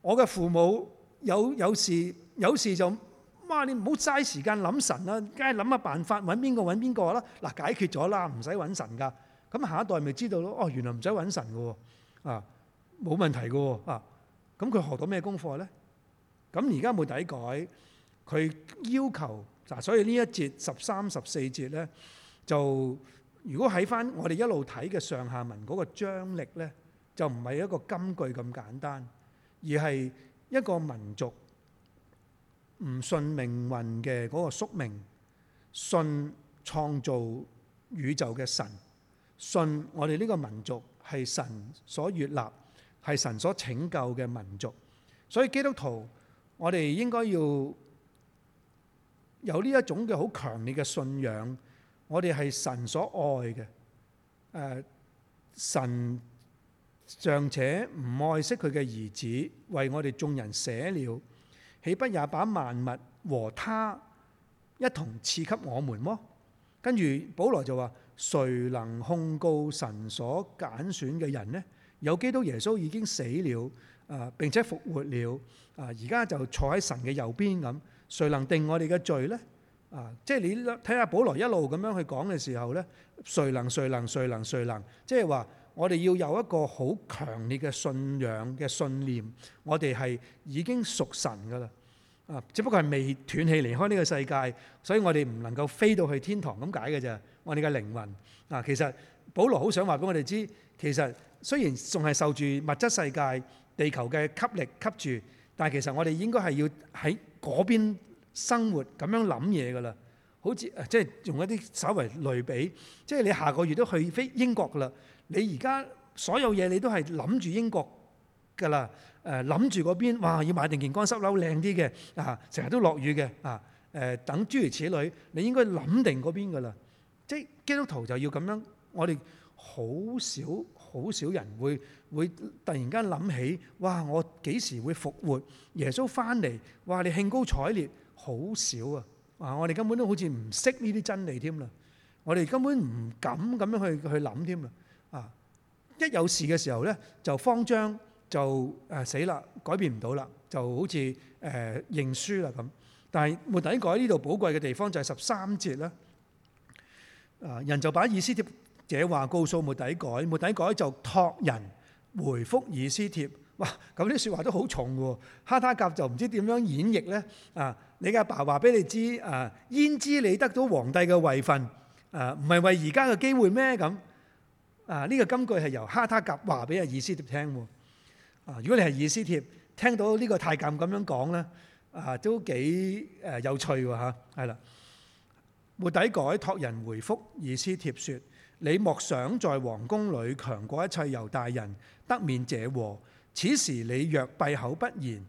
我嘅父母有有事有事就，媽，你唔好嘥時間諗神啦，梗係諗下辦法，揾邊個揾邊個啦。嗱，解決咗啦，唔使揾神噶。咁下一代咪知道咯？哦，原來唔使揾神嘅喎，啊，冇問題嘅喎，啊，咁佢學到咩功課咧？咁而家冇底改，佢要求。嗱，所以呢一節十三十四節呢，就如果喺翻我哋一路睇嘅上下文嗰個張力呢，就唔係一個金句咁簡單，而係一個民族唔信命運嘅嗰個宿命，信創造宇宙嘅神，信我哋呢個民族係神所閱立、係神所拯救嘅民族。所以基督徒，我哋應該要。有呢一種嘅好強烈嘅信仰，我哋係神所愛嘅。誒，神尚且唔愛惜佢嘅兒子，為我哋眾人捨了，豈不也把萬物和他一同賜給我們麼？跟住保羅就話：誰能控告神所揀選嘅人呢？有基督耶穌已經死了，誒，並且復活了，誒，而家就坐喺神嘅右邊咁。誰能定我哋嘅罪呢？啊，即係你睇下保羅一路咁樣去講嘅時候呢，誰能？誰能？誰能？誰能？即係話我哋要有一個好強烈嘅信仰嘅信念，我哋係已經屬神㗎啦。啊，只不過係未斷氣離開呢個世界，所以我哋唔能夠飛到去天堂咁解㗎啫。我哋嘅靈魂啊，其實保羅好想話俾我哋知，其實雖然仲係受住物質世界地球嘅吸力吸住。但係其實我哋應該係要喺嗰邊生活，咁樣諗嘢㗎喇。好似即係用一啲稍為類比，即係你下個月都去飛英國㗎喇。你而家所有嘢你都係諗住英國㗎喇。誒諗住嗰邊，哇！要買定件乾濕褸靚啲嘅啊，成日都落雨嘅啊。誒等諸如此類，你應該諗定嗰邊㗎喇。即係基督徒就要咁樣，我哋好少。好少人會會突然間諗起，哇！我幾時會復活？耶穌翻嚟，哇！你興高采烈，好少啊！啊，我哋根本都好似唔識呢啲真理添啦，我哋根本唔敢咁樣去去諗添啦。啊，一有事嘅時候呢，就慌張，就誒死啦，改變唔到啦，就好似誒認輸啦咁。但係末底改呢度寶貴嘅地方就係十三節啦。啊，人就把意思點？這話告訴末底改，末底改就託人回覆以斯帖。哇，咁啲説話都好重喎。哈他革就唔知點樣演繹呢？啊，你阿爸話俾你知啊，焉知你得到皇帝嘅位份，啊？唔係為而家嘅機會咩？咁啊，呢、這個金句係由哈他革話俾阿以斯帖聽喎。啊，如果你係以斯帖，聽到呢個太監咁樣講呢，啊，都幾誒有趣喎嚇。係、啊、啦，末底改託人回覆以斯帖說，説。你莫想在皇宮裏強過一切，猶大人得免這禍。此時你若閉口不言，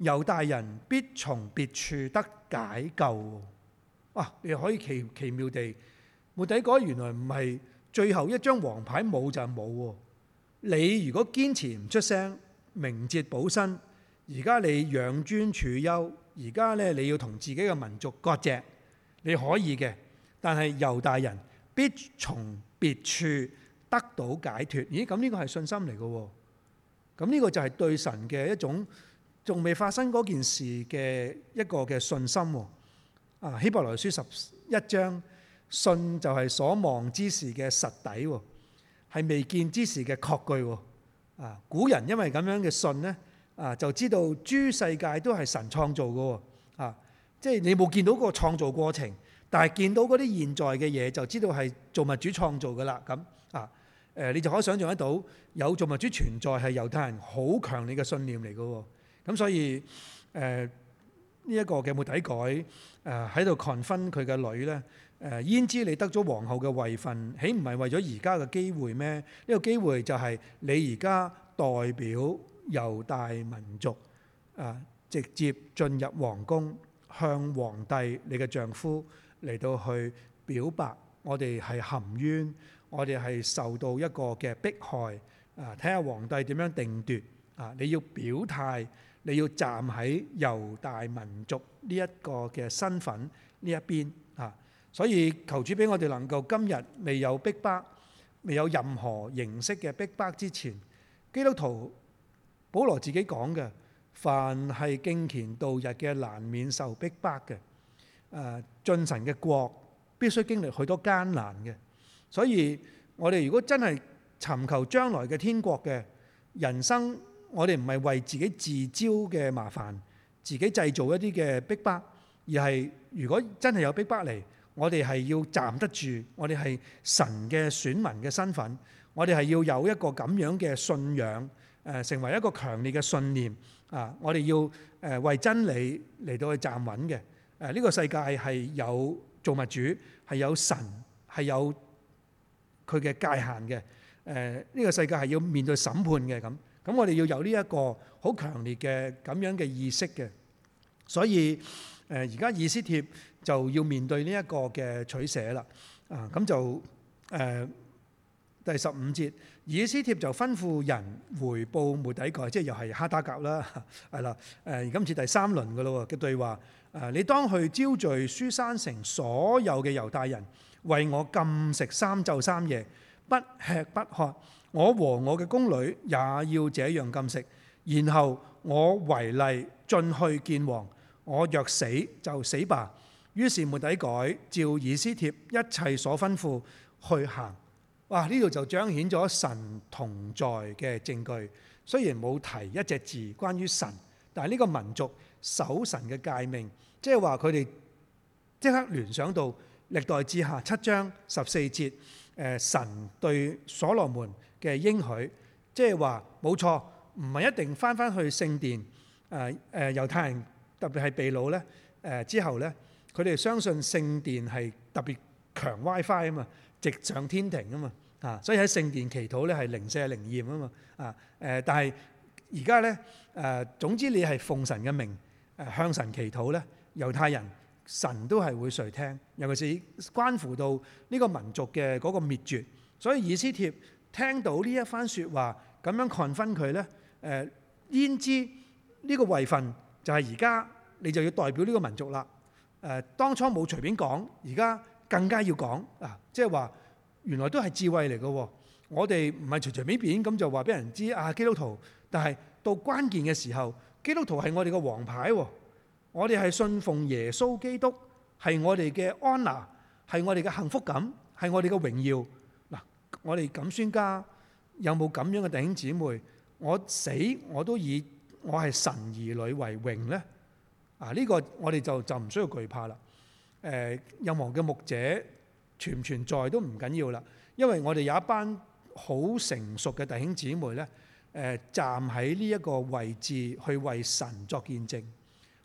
猶大人必從別處得解救。啊、你可以奇奇妙地。末底改，原來唔係最後一張王牌，冇就冇。你如果堅持唔出聲，明哲保身。而家你養尊處優，而家咧你要同自己嘅民族割席，你可以嘅，但係猶大人。必從別處得到解脫。咦？咁呢個係信心嚟嘅喎。咁呢個就係對神嘅一種仲未發生嗰件事嘅一個嘅信心喎。啊，希伯來書十一章，信就係所望之事嘅實底，係未見之事嘅確據。啊，古人因為咁樣嘅信呢，啊就知道諸世界都係神創造嘅喎。啊，即係你冇見到個創造過程。但係見到嗰啲現在嘅嘢，就知道係造物主創造噶啦，咁啊你就可以想象得到有造物主存在係猶太人好強烈嘅信念嚟噶喎。咁所以呢一、呃這個嘅末底改喺度抗婚佢嘅女呢，焉、呃、知你得咗皇后嘅位份，豈唔係為咗而家嘅機會咩？呢、這個機會就係你而家代表猶大民族、呃、直接進入皇宮向皇帝你嘅丈夫。嚟到去表白，我哋係含冤，我哋係受到一個嘅迫害。啊，睇下皇帝點樣定奪，啊！你要表態，你要站喺猶大民族呢一個嘅身份呢一邊。啊！所以求主俾我哋能夠今日未有逼迫，未有任何形式嘅逼迫之前，基督徒保羅自己講嘅，凡係敬虔度日嘅，難免受逼迫嘅。誒、啊、進神嘅國必須經歷許多艱難嘅，所以我哋如果真係尋求將來嘅天國嘅人生，我哋唔係為自己自招嘅麻煩，自己製造一啲嘅逼迫，而係如果真係有逼迫嚟，我哋係要站得住，我哋係神嘅選民嘅身份，我哋係要有一個咁樣嘅信仰、呃，成為一個強烈嘅信念啊！我哋要誒、呃、為真理嚟到去站穩嘅。誒，呢個世界係有造物主，係有神，係有佢嘅界限嘅。誒，呢個世界係要面對審判嘅咁，咁我哋要有呢一個好強烈嘅咁樣嘅意識嘅。所以誒，而家以斯帖就要面對呢一個嘅取捨啦。啊，咁就誒，第十五節，以斯帖就吩咐人回報末底改，即係又係哈達格啦，係啦。誒，而今次第三輪嘅咯喎嘅對話。誒，你當去招聚書珊城所有嘅猶大人，為我禁食三晝三夜，不吃不喝。我和我嘅宮女也要這樣禁食。然後我違例進去見王，我若死就死吧。於是末底改照以斯帖一切所吩咐去行。哇！呢度就彰顯咗神同在嘅證據。雖然冇提一隻字關於神，但係呢個民族，守神嘅誡命，即係話佢哋即刻聯想到歷代志下七章十四節，誒神對所羅門嘅應許，即係話冇錯，唔係一定返返去聖殿，誒誒猶太人特別係被擄咧誒之後咧，佢哋相信聖殿係特別強 WiFi 啊嘛，直上天庭啊嘛啊，所以喺聖殿祈禱咧係零舍靈驗啊嘛啊誒，但係而家咧誒總之你係奉神嘅命。向神祈禱咧，猶太人神都係會垂聽，尤其是關乎到呢個民族嘅嗰個滅絕，所以以斯帖聽到呢一番説話，咁樣 confirm 佢咧。誒、呃，焉知呢個位分就係而家你就要代表呢個民族啦？誒、呃，當初冇隨便講，而家更加要講啊！即係話原來都係智慧嚟嘅喎，我哋唔係隨隨便便咁就話俾人知啊基督徒，但係到關鍵嘅時候。基督徒係我哋嘅王牌喎，我哋係信奉耶穌基督，係我哋嘅 honour，係我哋嘅幸福感，係我哋嘅榮耀。嗱，我哋錦孫家有冇咁樣嘅弟兄姊妹？我死我都以我係神兒女為榮呢。啊，呢、這個我哋就就唔需要懼怕啦。誒、呃，任何嘅牧者存唔存在都唔緊要啦，因為我哋有一班好成熟嘅弟兄姊妹咧。誒，站喺呢一個位置去為神作見證，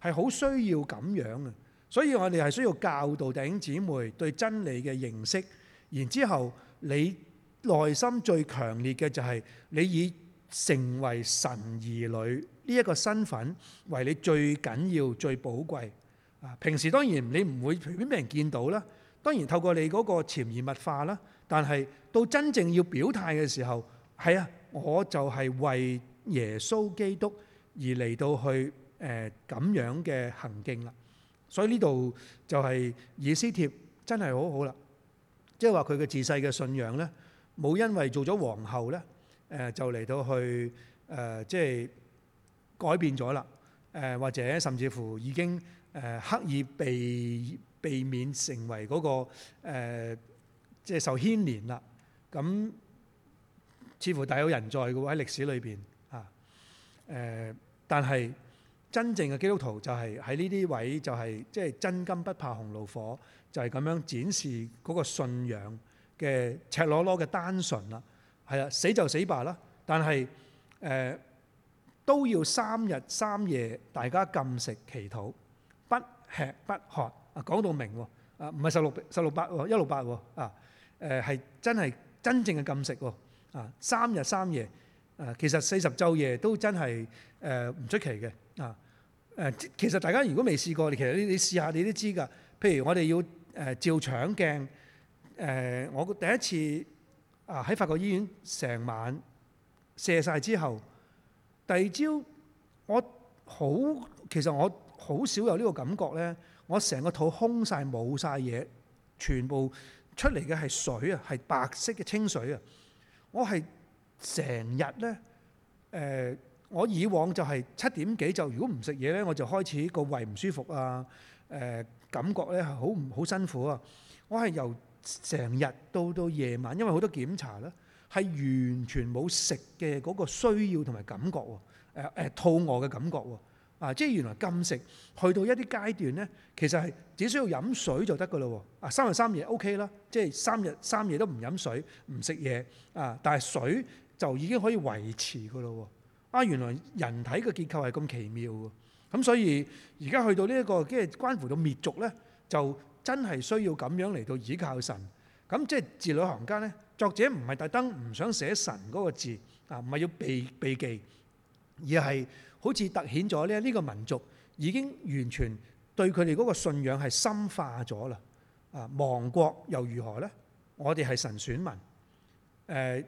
係好需要咁樣啊！所以我哋係需要教導弟兄姊妹對真理嘅認識，然之後你內心最強烈嘅就係你以成為神兒女呢一個身份為你最緊要、最寶貴啊！平時當然你唔會隨便俾人見到啦，當然透過你嗰個潛移默化啦，但係到真正要表態嘅時候，係啊！我就係為耶穌基督而嚟到去誒咁樣嘅行徑啦，所以呢度就係以斯帖真係好好啦，即係話佢嘅自細嘅信仰呢，冇因為做咗皇后呢，誒就嚟到去誒即係改變咗啦，誒或者甚至乎已經誒刻意避避免成為嗰個即係受牽連啦，咁。似乎大有人在嘅喎，喺歷史裏邊啊。誒，但係真正嘅基督徒就係喺呢啲位就係即係真金不怕紅爐火，就係咁樣展示嗰個信仰嘅赤裸裸嘅單純啦。係啊，死就死吧啦。但係誒都要三日三夜，大家禁食祈禱，不吃不喝啊！講到明喎啊，唔係十六十六八喎，一六八喎啊。誒係真係真正嘅禁食喎。啊，三日三夜，啊，其實四十晝夜都真係誒唔出奇嘅。啊，誒，其實大家如果未試過，你其實你你試下你都知㗎。譬如我哋要誒、呃、照腸鏡，誒、呃，我第一次啊喺、呃、法國醫院成晚射晒之後，第二朝我好其實我好少有呢個感覺咧。我成個肚空晒冇晒嘢，全部出嚟嘅係水啊，係白色嘅清水啊。我係成日咧，誒、呃，我以往就係七點幾就如果唔食嘢咧，我就開始個胃唔舒服啊，誒、呃，感覺咧係好唔好辛苦啊。我係由成日到到夜晚，因為好多檢查咧，係完全冇食嘅嗰個需要同埋感覺喎，誒、呃呃，肚餓嘅感覺喎。啊！即係原來禁食去到一啲階段呢，其實係只需要飲水就得噶咯喎。啊，三日三夜 OK 啦，即係三日三夜都唔飲水唔食嘢啊！但係水就已經可以維持噶咯喎。啊，原來人體嘅結構係咁奇妙㗎。咁所以而家去到呢一個即係關乎到滅族呢，就真係需要咁樣嚟到倚靠神。咁即係字裏行間呢，作者唔係特登唔想寫神嗰個字啊，唔係要避避忌，而係。好似突顯咗咧，呢個民族已經完全對佢哋嗰個信仰係深化咗啦。啊，亡國又如何咧？我哋係神選民。誒，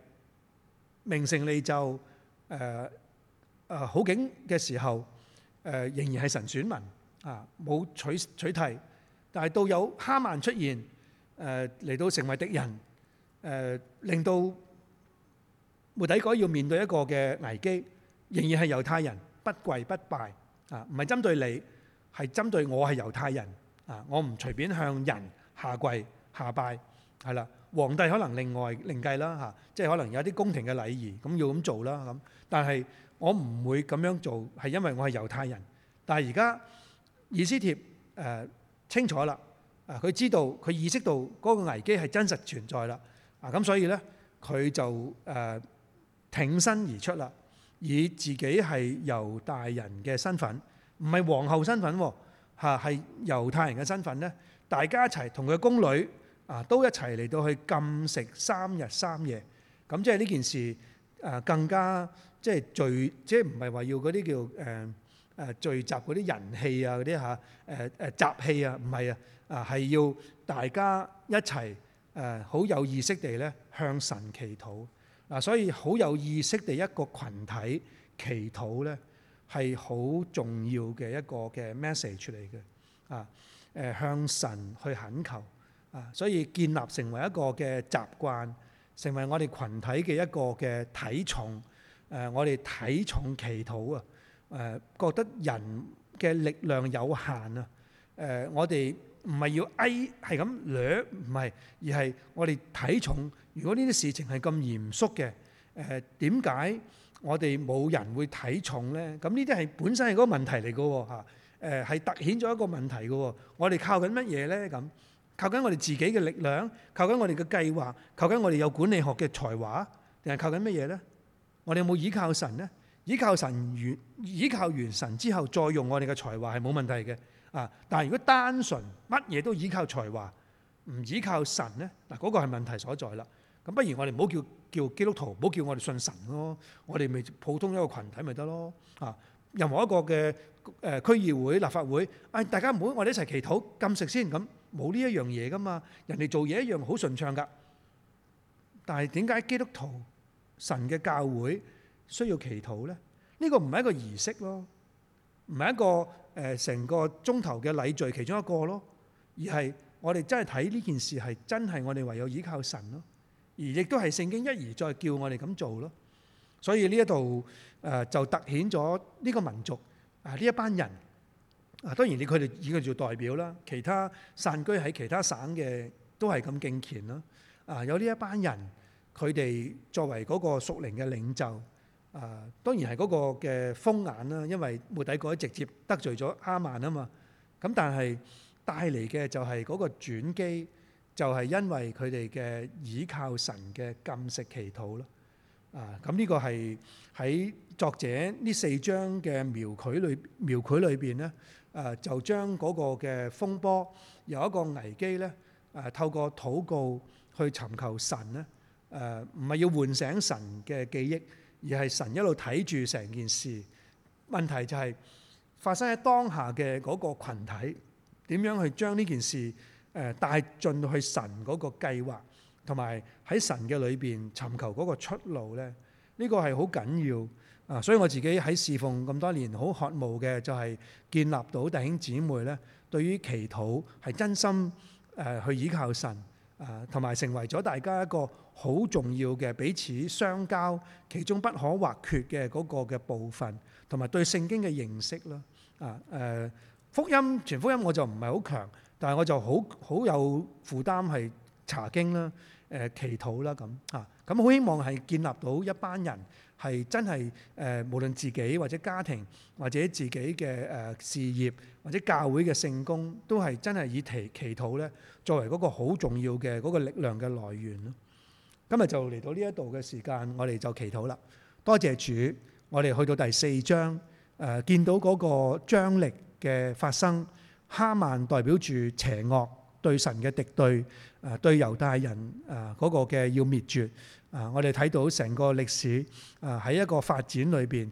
名成利就誒誒好景嘅時候，誒仍然係神選民啊，冇取取替。但係到有哈曼出現，誒嚟到成為敵人，誒令到末底改要面對一個嘅危機，仍然係猶太人。不跪不拜啊，唔係針對你，係針對我係猶太人啊！我唔隨便向人下跪下拜，係啦。皇帝可能另外另計啦嚇，即係可能有啲宮廷嘅禮儀，咁要咁做啦咁。但係我唔會咁樣做，係因為我係猶太人。但係而家以斯帖誒清楚啦啊，佢知道佢意識到嗰個危機係真實存在啦啊，咁所以呢佢就誒挺身而出啦。以自己係猶大人嘅身份，唔係皇后身份喎，嚇係猶太人嘅身份咧，大家一齊同佢嘅宮女啊都一齊嚟到去禁食三日三夜，咁即係呢件事誒更加即係聚，即係唔係話要嗰啲叫誒誒聚集嗰啲人氣啊嗰啲嚇誒誒集氣啊，唔係啊啊係要大家一齊誒好有意識地咧向神祈禱。啊，所以好有意識地一個羣體祈禱咧，係好重要嘅一個嘅 message 嚟嘅。啊，誒向神去懇求。啊，所以建立成為一個嘅習慣，成為我哋羣體嘅一個嘅體重。誒，我哋體重祈禱啊。誒，覺得人嘅力量有限啊。誒，我哋唔係要 A 係咁掠，唔係，而係我哋體重。如果呢啲事情係咁嚴肅嘅，誒點解我哋冇人會睇重呢？咁呢啲係本身係嗰個問題嚟嘅喎嚇，係、呃、凸顯咗一個問題嘅喎。我哋靠緊乜嘢呢？咁靠緊我哋自己嘅力量，靠緊我哋嘅計劃，靠緊我哋有管理學嘅才華，定係靠緊乜嘢呢？我哋有冇依靠神呢？依靠神完，倚靠完神之後再用我哋嘅才華係冇問題嘅啊。但係如果單純乜嘢都依靠才華，唔依靠神呢？嗱、那、嗰個係問題所在啦。咁不如我哋唔好叫叫基督徒，唔好叫我哋信神咯、啊，我哋咪普通一個群體咪得咯啊，任何一個嘅誒區議會、立法會，哎大家唔好，我哋一齊祈禱禁食先咁，冇呢一樣嘢㗎嘛。人哋做嘢一樣好順暢㗎，但係點解基督徒神嘅教會需要祈禱咧？呢、這個唔係一個儀式咯，唔係一個誒成、呃、個鐘頭嘅禮序其中一個咯，而係我哋真係睇呢件事係真係我哋唯有依靠神咯。而亦都係聖經一而再叫我哋咁做咯，所以呢一度誒就突顯咗呢個民族啊，呢一班人啊，當然你佢哋以佢做代表啦，其他散居喺其他省嘅都係咁敬虔啦，啊，有呢一班人佢哋作為嗰個屬靈嘅領袖啊，當然係嗰個嘅風眼啦，因為末底改直接得罪咗亞曼啊嘛，咁但係帶嚟嘅就係嗰個轉機。就係因為佢哋嘅倚靠神嘅禁食祈禱咯，啊，咁、這、呢個係喺作者呢四章嘅描繪裏描繪裏邊咧，誒、啊、就將嗰個嘅風波有一個危機咧，誒、啊、透過禱告去尋求神咧，誒唔係要喚醒神嘅記憶，而係神一路睇住成件事。問題就係、是、發生喺當下嘅嗰個羣體點樣去將呢件事？誒帶進去神嗰個計劃，同埋喺神嘅裏邊尋求嗰個出路咧，呢個係好緊要啊！所以我自己喺侍奉咁多年，好渴望嘅就係建立到弟兄姊妹咧，對於祈禱係真心誒去倚靠神啊，同埋成為咗大家一個好重要嘅彼此相交其中不可或缺嘅嗰個嘅部分，同埋對聖經嘅認識咯，啊誒、福音全福音我就唔係好強。但係我就好好有負擔係查經啦、誒、呃、祈禱啦咁嚇，咁、啊、好、啊啊啊嗯、希望係建立到一班人係真係誒、呃，無論自己或者家庭或者自己嘅誒、呃、事業或者教會嘅聖工，都係真係以祈祈禱咧作為嗰個好重要嘅嗰個力量嘅來源咯。今日就嚟到呢一度嘅時間，我哋就祈禱啦。多謝主，我哋去到第四章誒、呃，見到嗰個張力嘅發生。哈曼代表住邪惡對神嘅敵對，誒對猶太人誒嗰個嘅要滅絕，啊我哋睇到成個歷史誒喺一個發展裏邊，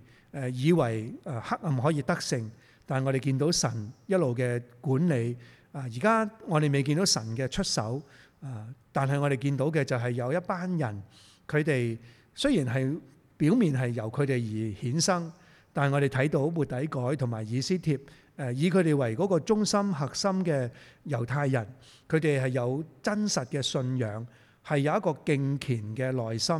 以為黑暗可以得勝，但我哋見到神一路嘅管理，啊而家我哋未見到神嘅出手，啊但係我哋見到嘅就係有一班人，佢哋雖然係表面係由佢哋而衍生，但係我哋睇到末底改同埋以斯帖。誒以佢哋為嗰個中心核心嘅猶太人，佢哋係有真實嘅信仰，係有一個敬虔嘅內心。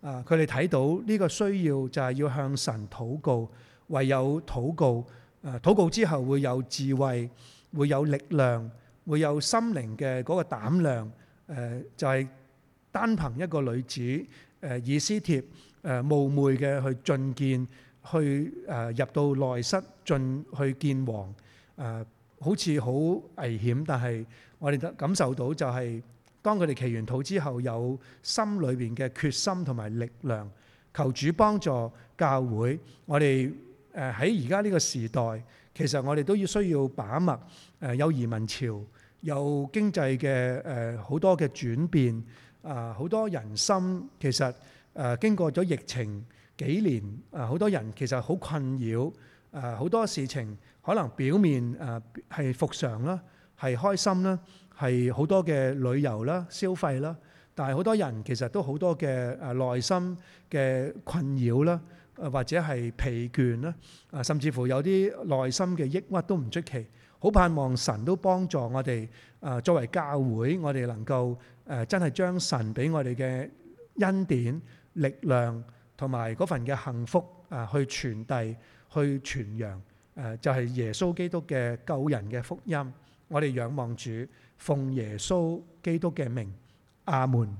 啊，佢哋睇到呢個需要就係要向神禱告，唯有禱告。誒禱告之後會有智慧，會有力量，會有心靈嘅嗰個膽量。誒就係單憑一個女子，誒以斯帖，誒冒昧嘅去進見。去誒、啊、入到內室進去見王誒、啊，好似好危險，但係我哋感受到就係、是、當佢哋祈完禱之後，有心裏邊嘅決心同埋力量，求主幫助教會。我哋誒喺而家呢個時代，其實我哋都要需要把握誒、啊、有移民潮，有經濟嘅誒好多嘅轉變啊，好多人心其實誒、啊、經過咗疫情。幾年啊，好多人其實好困擾，誒好多事情可能表面誒係復常啦，係開心啦，係好多嘅旅遊啦、消費啦，但係好多人其實都好多嘅誒內心嘅困擾啦，誒或者係疲倦啦，誒甚至乎有啲內心嘅抑鬱都唔出奇。好盼望神都幫助我哋誒，作為教會，我哋能夠誒真係將神俾我哋嘅恩典力量，同埋嗰份嘅幸福啊，去傳遞去傳揚誒、啊、就係、是、耶穌基督嘅救人嘅福音。我哋仰望主，奉耶穌基督嘅名，阿門。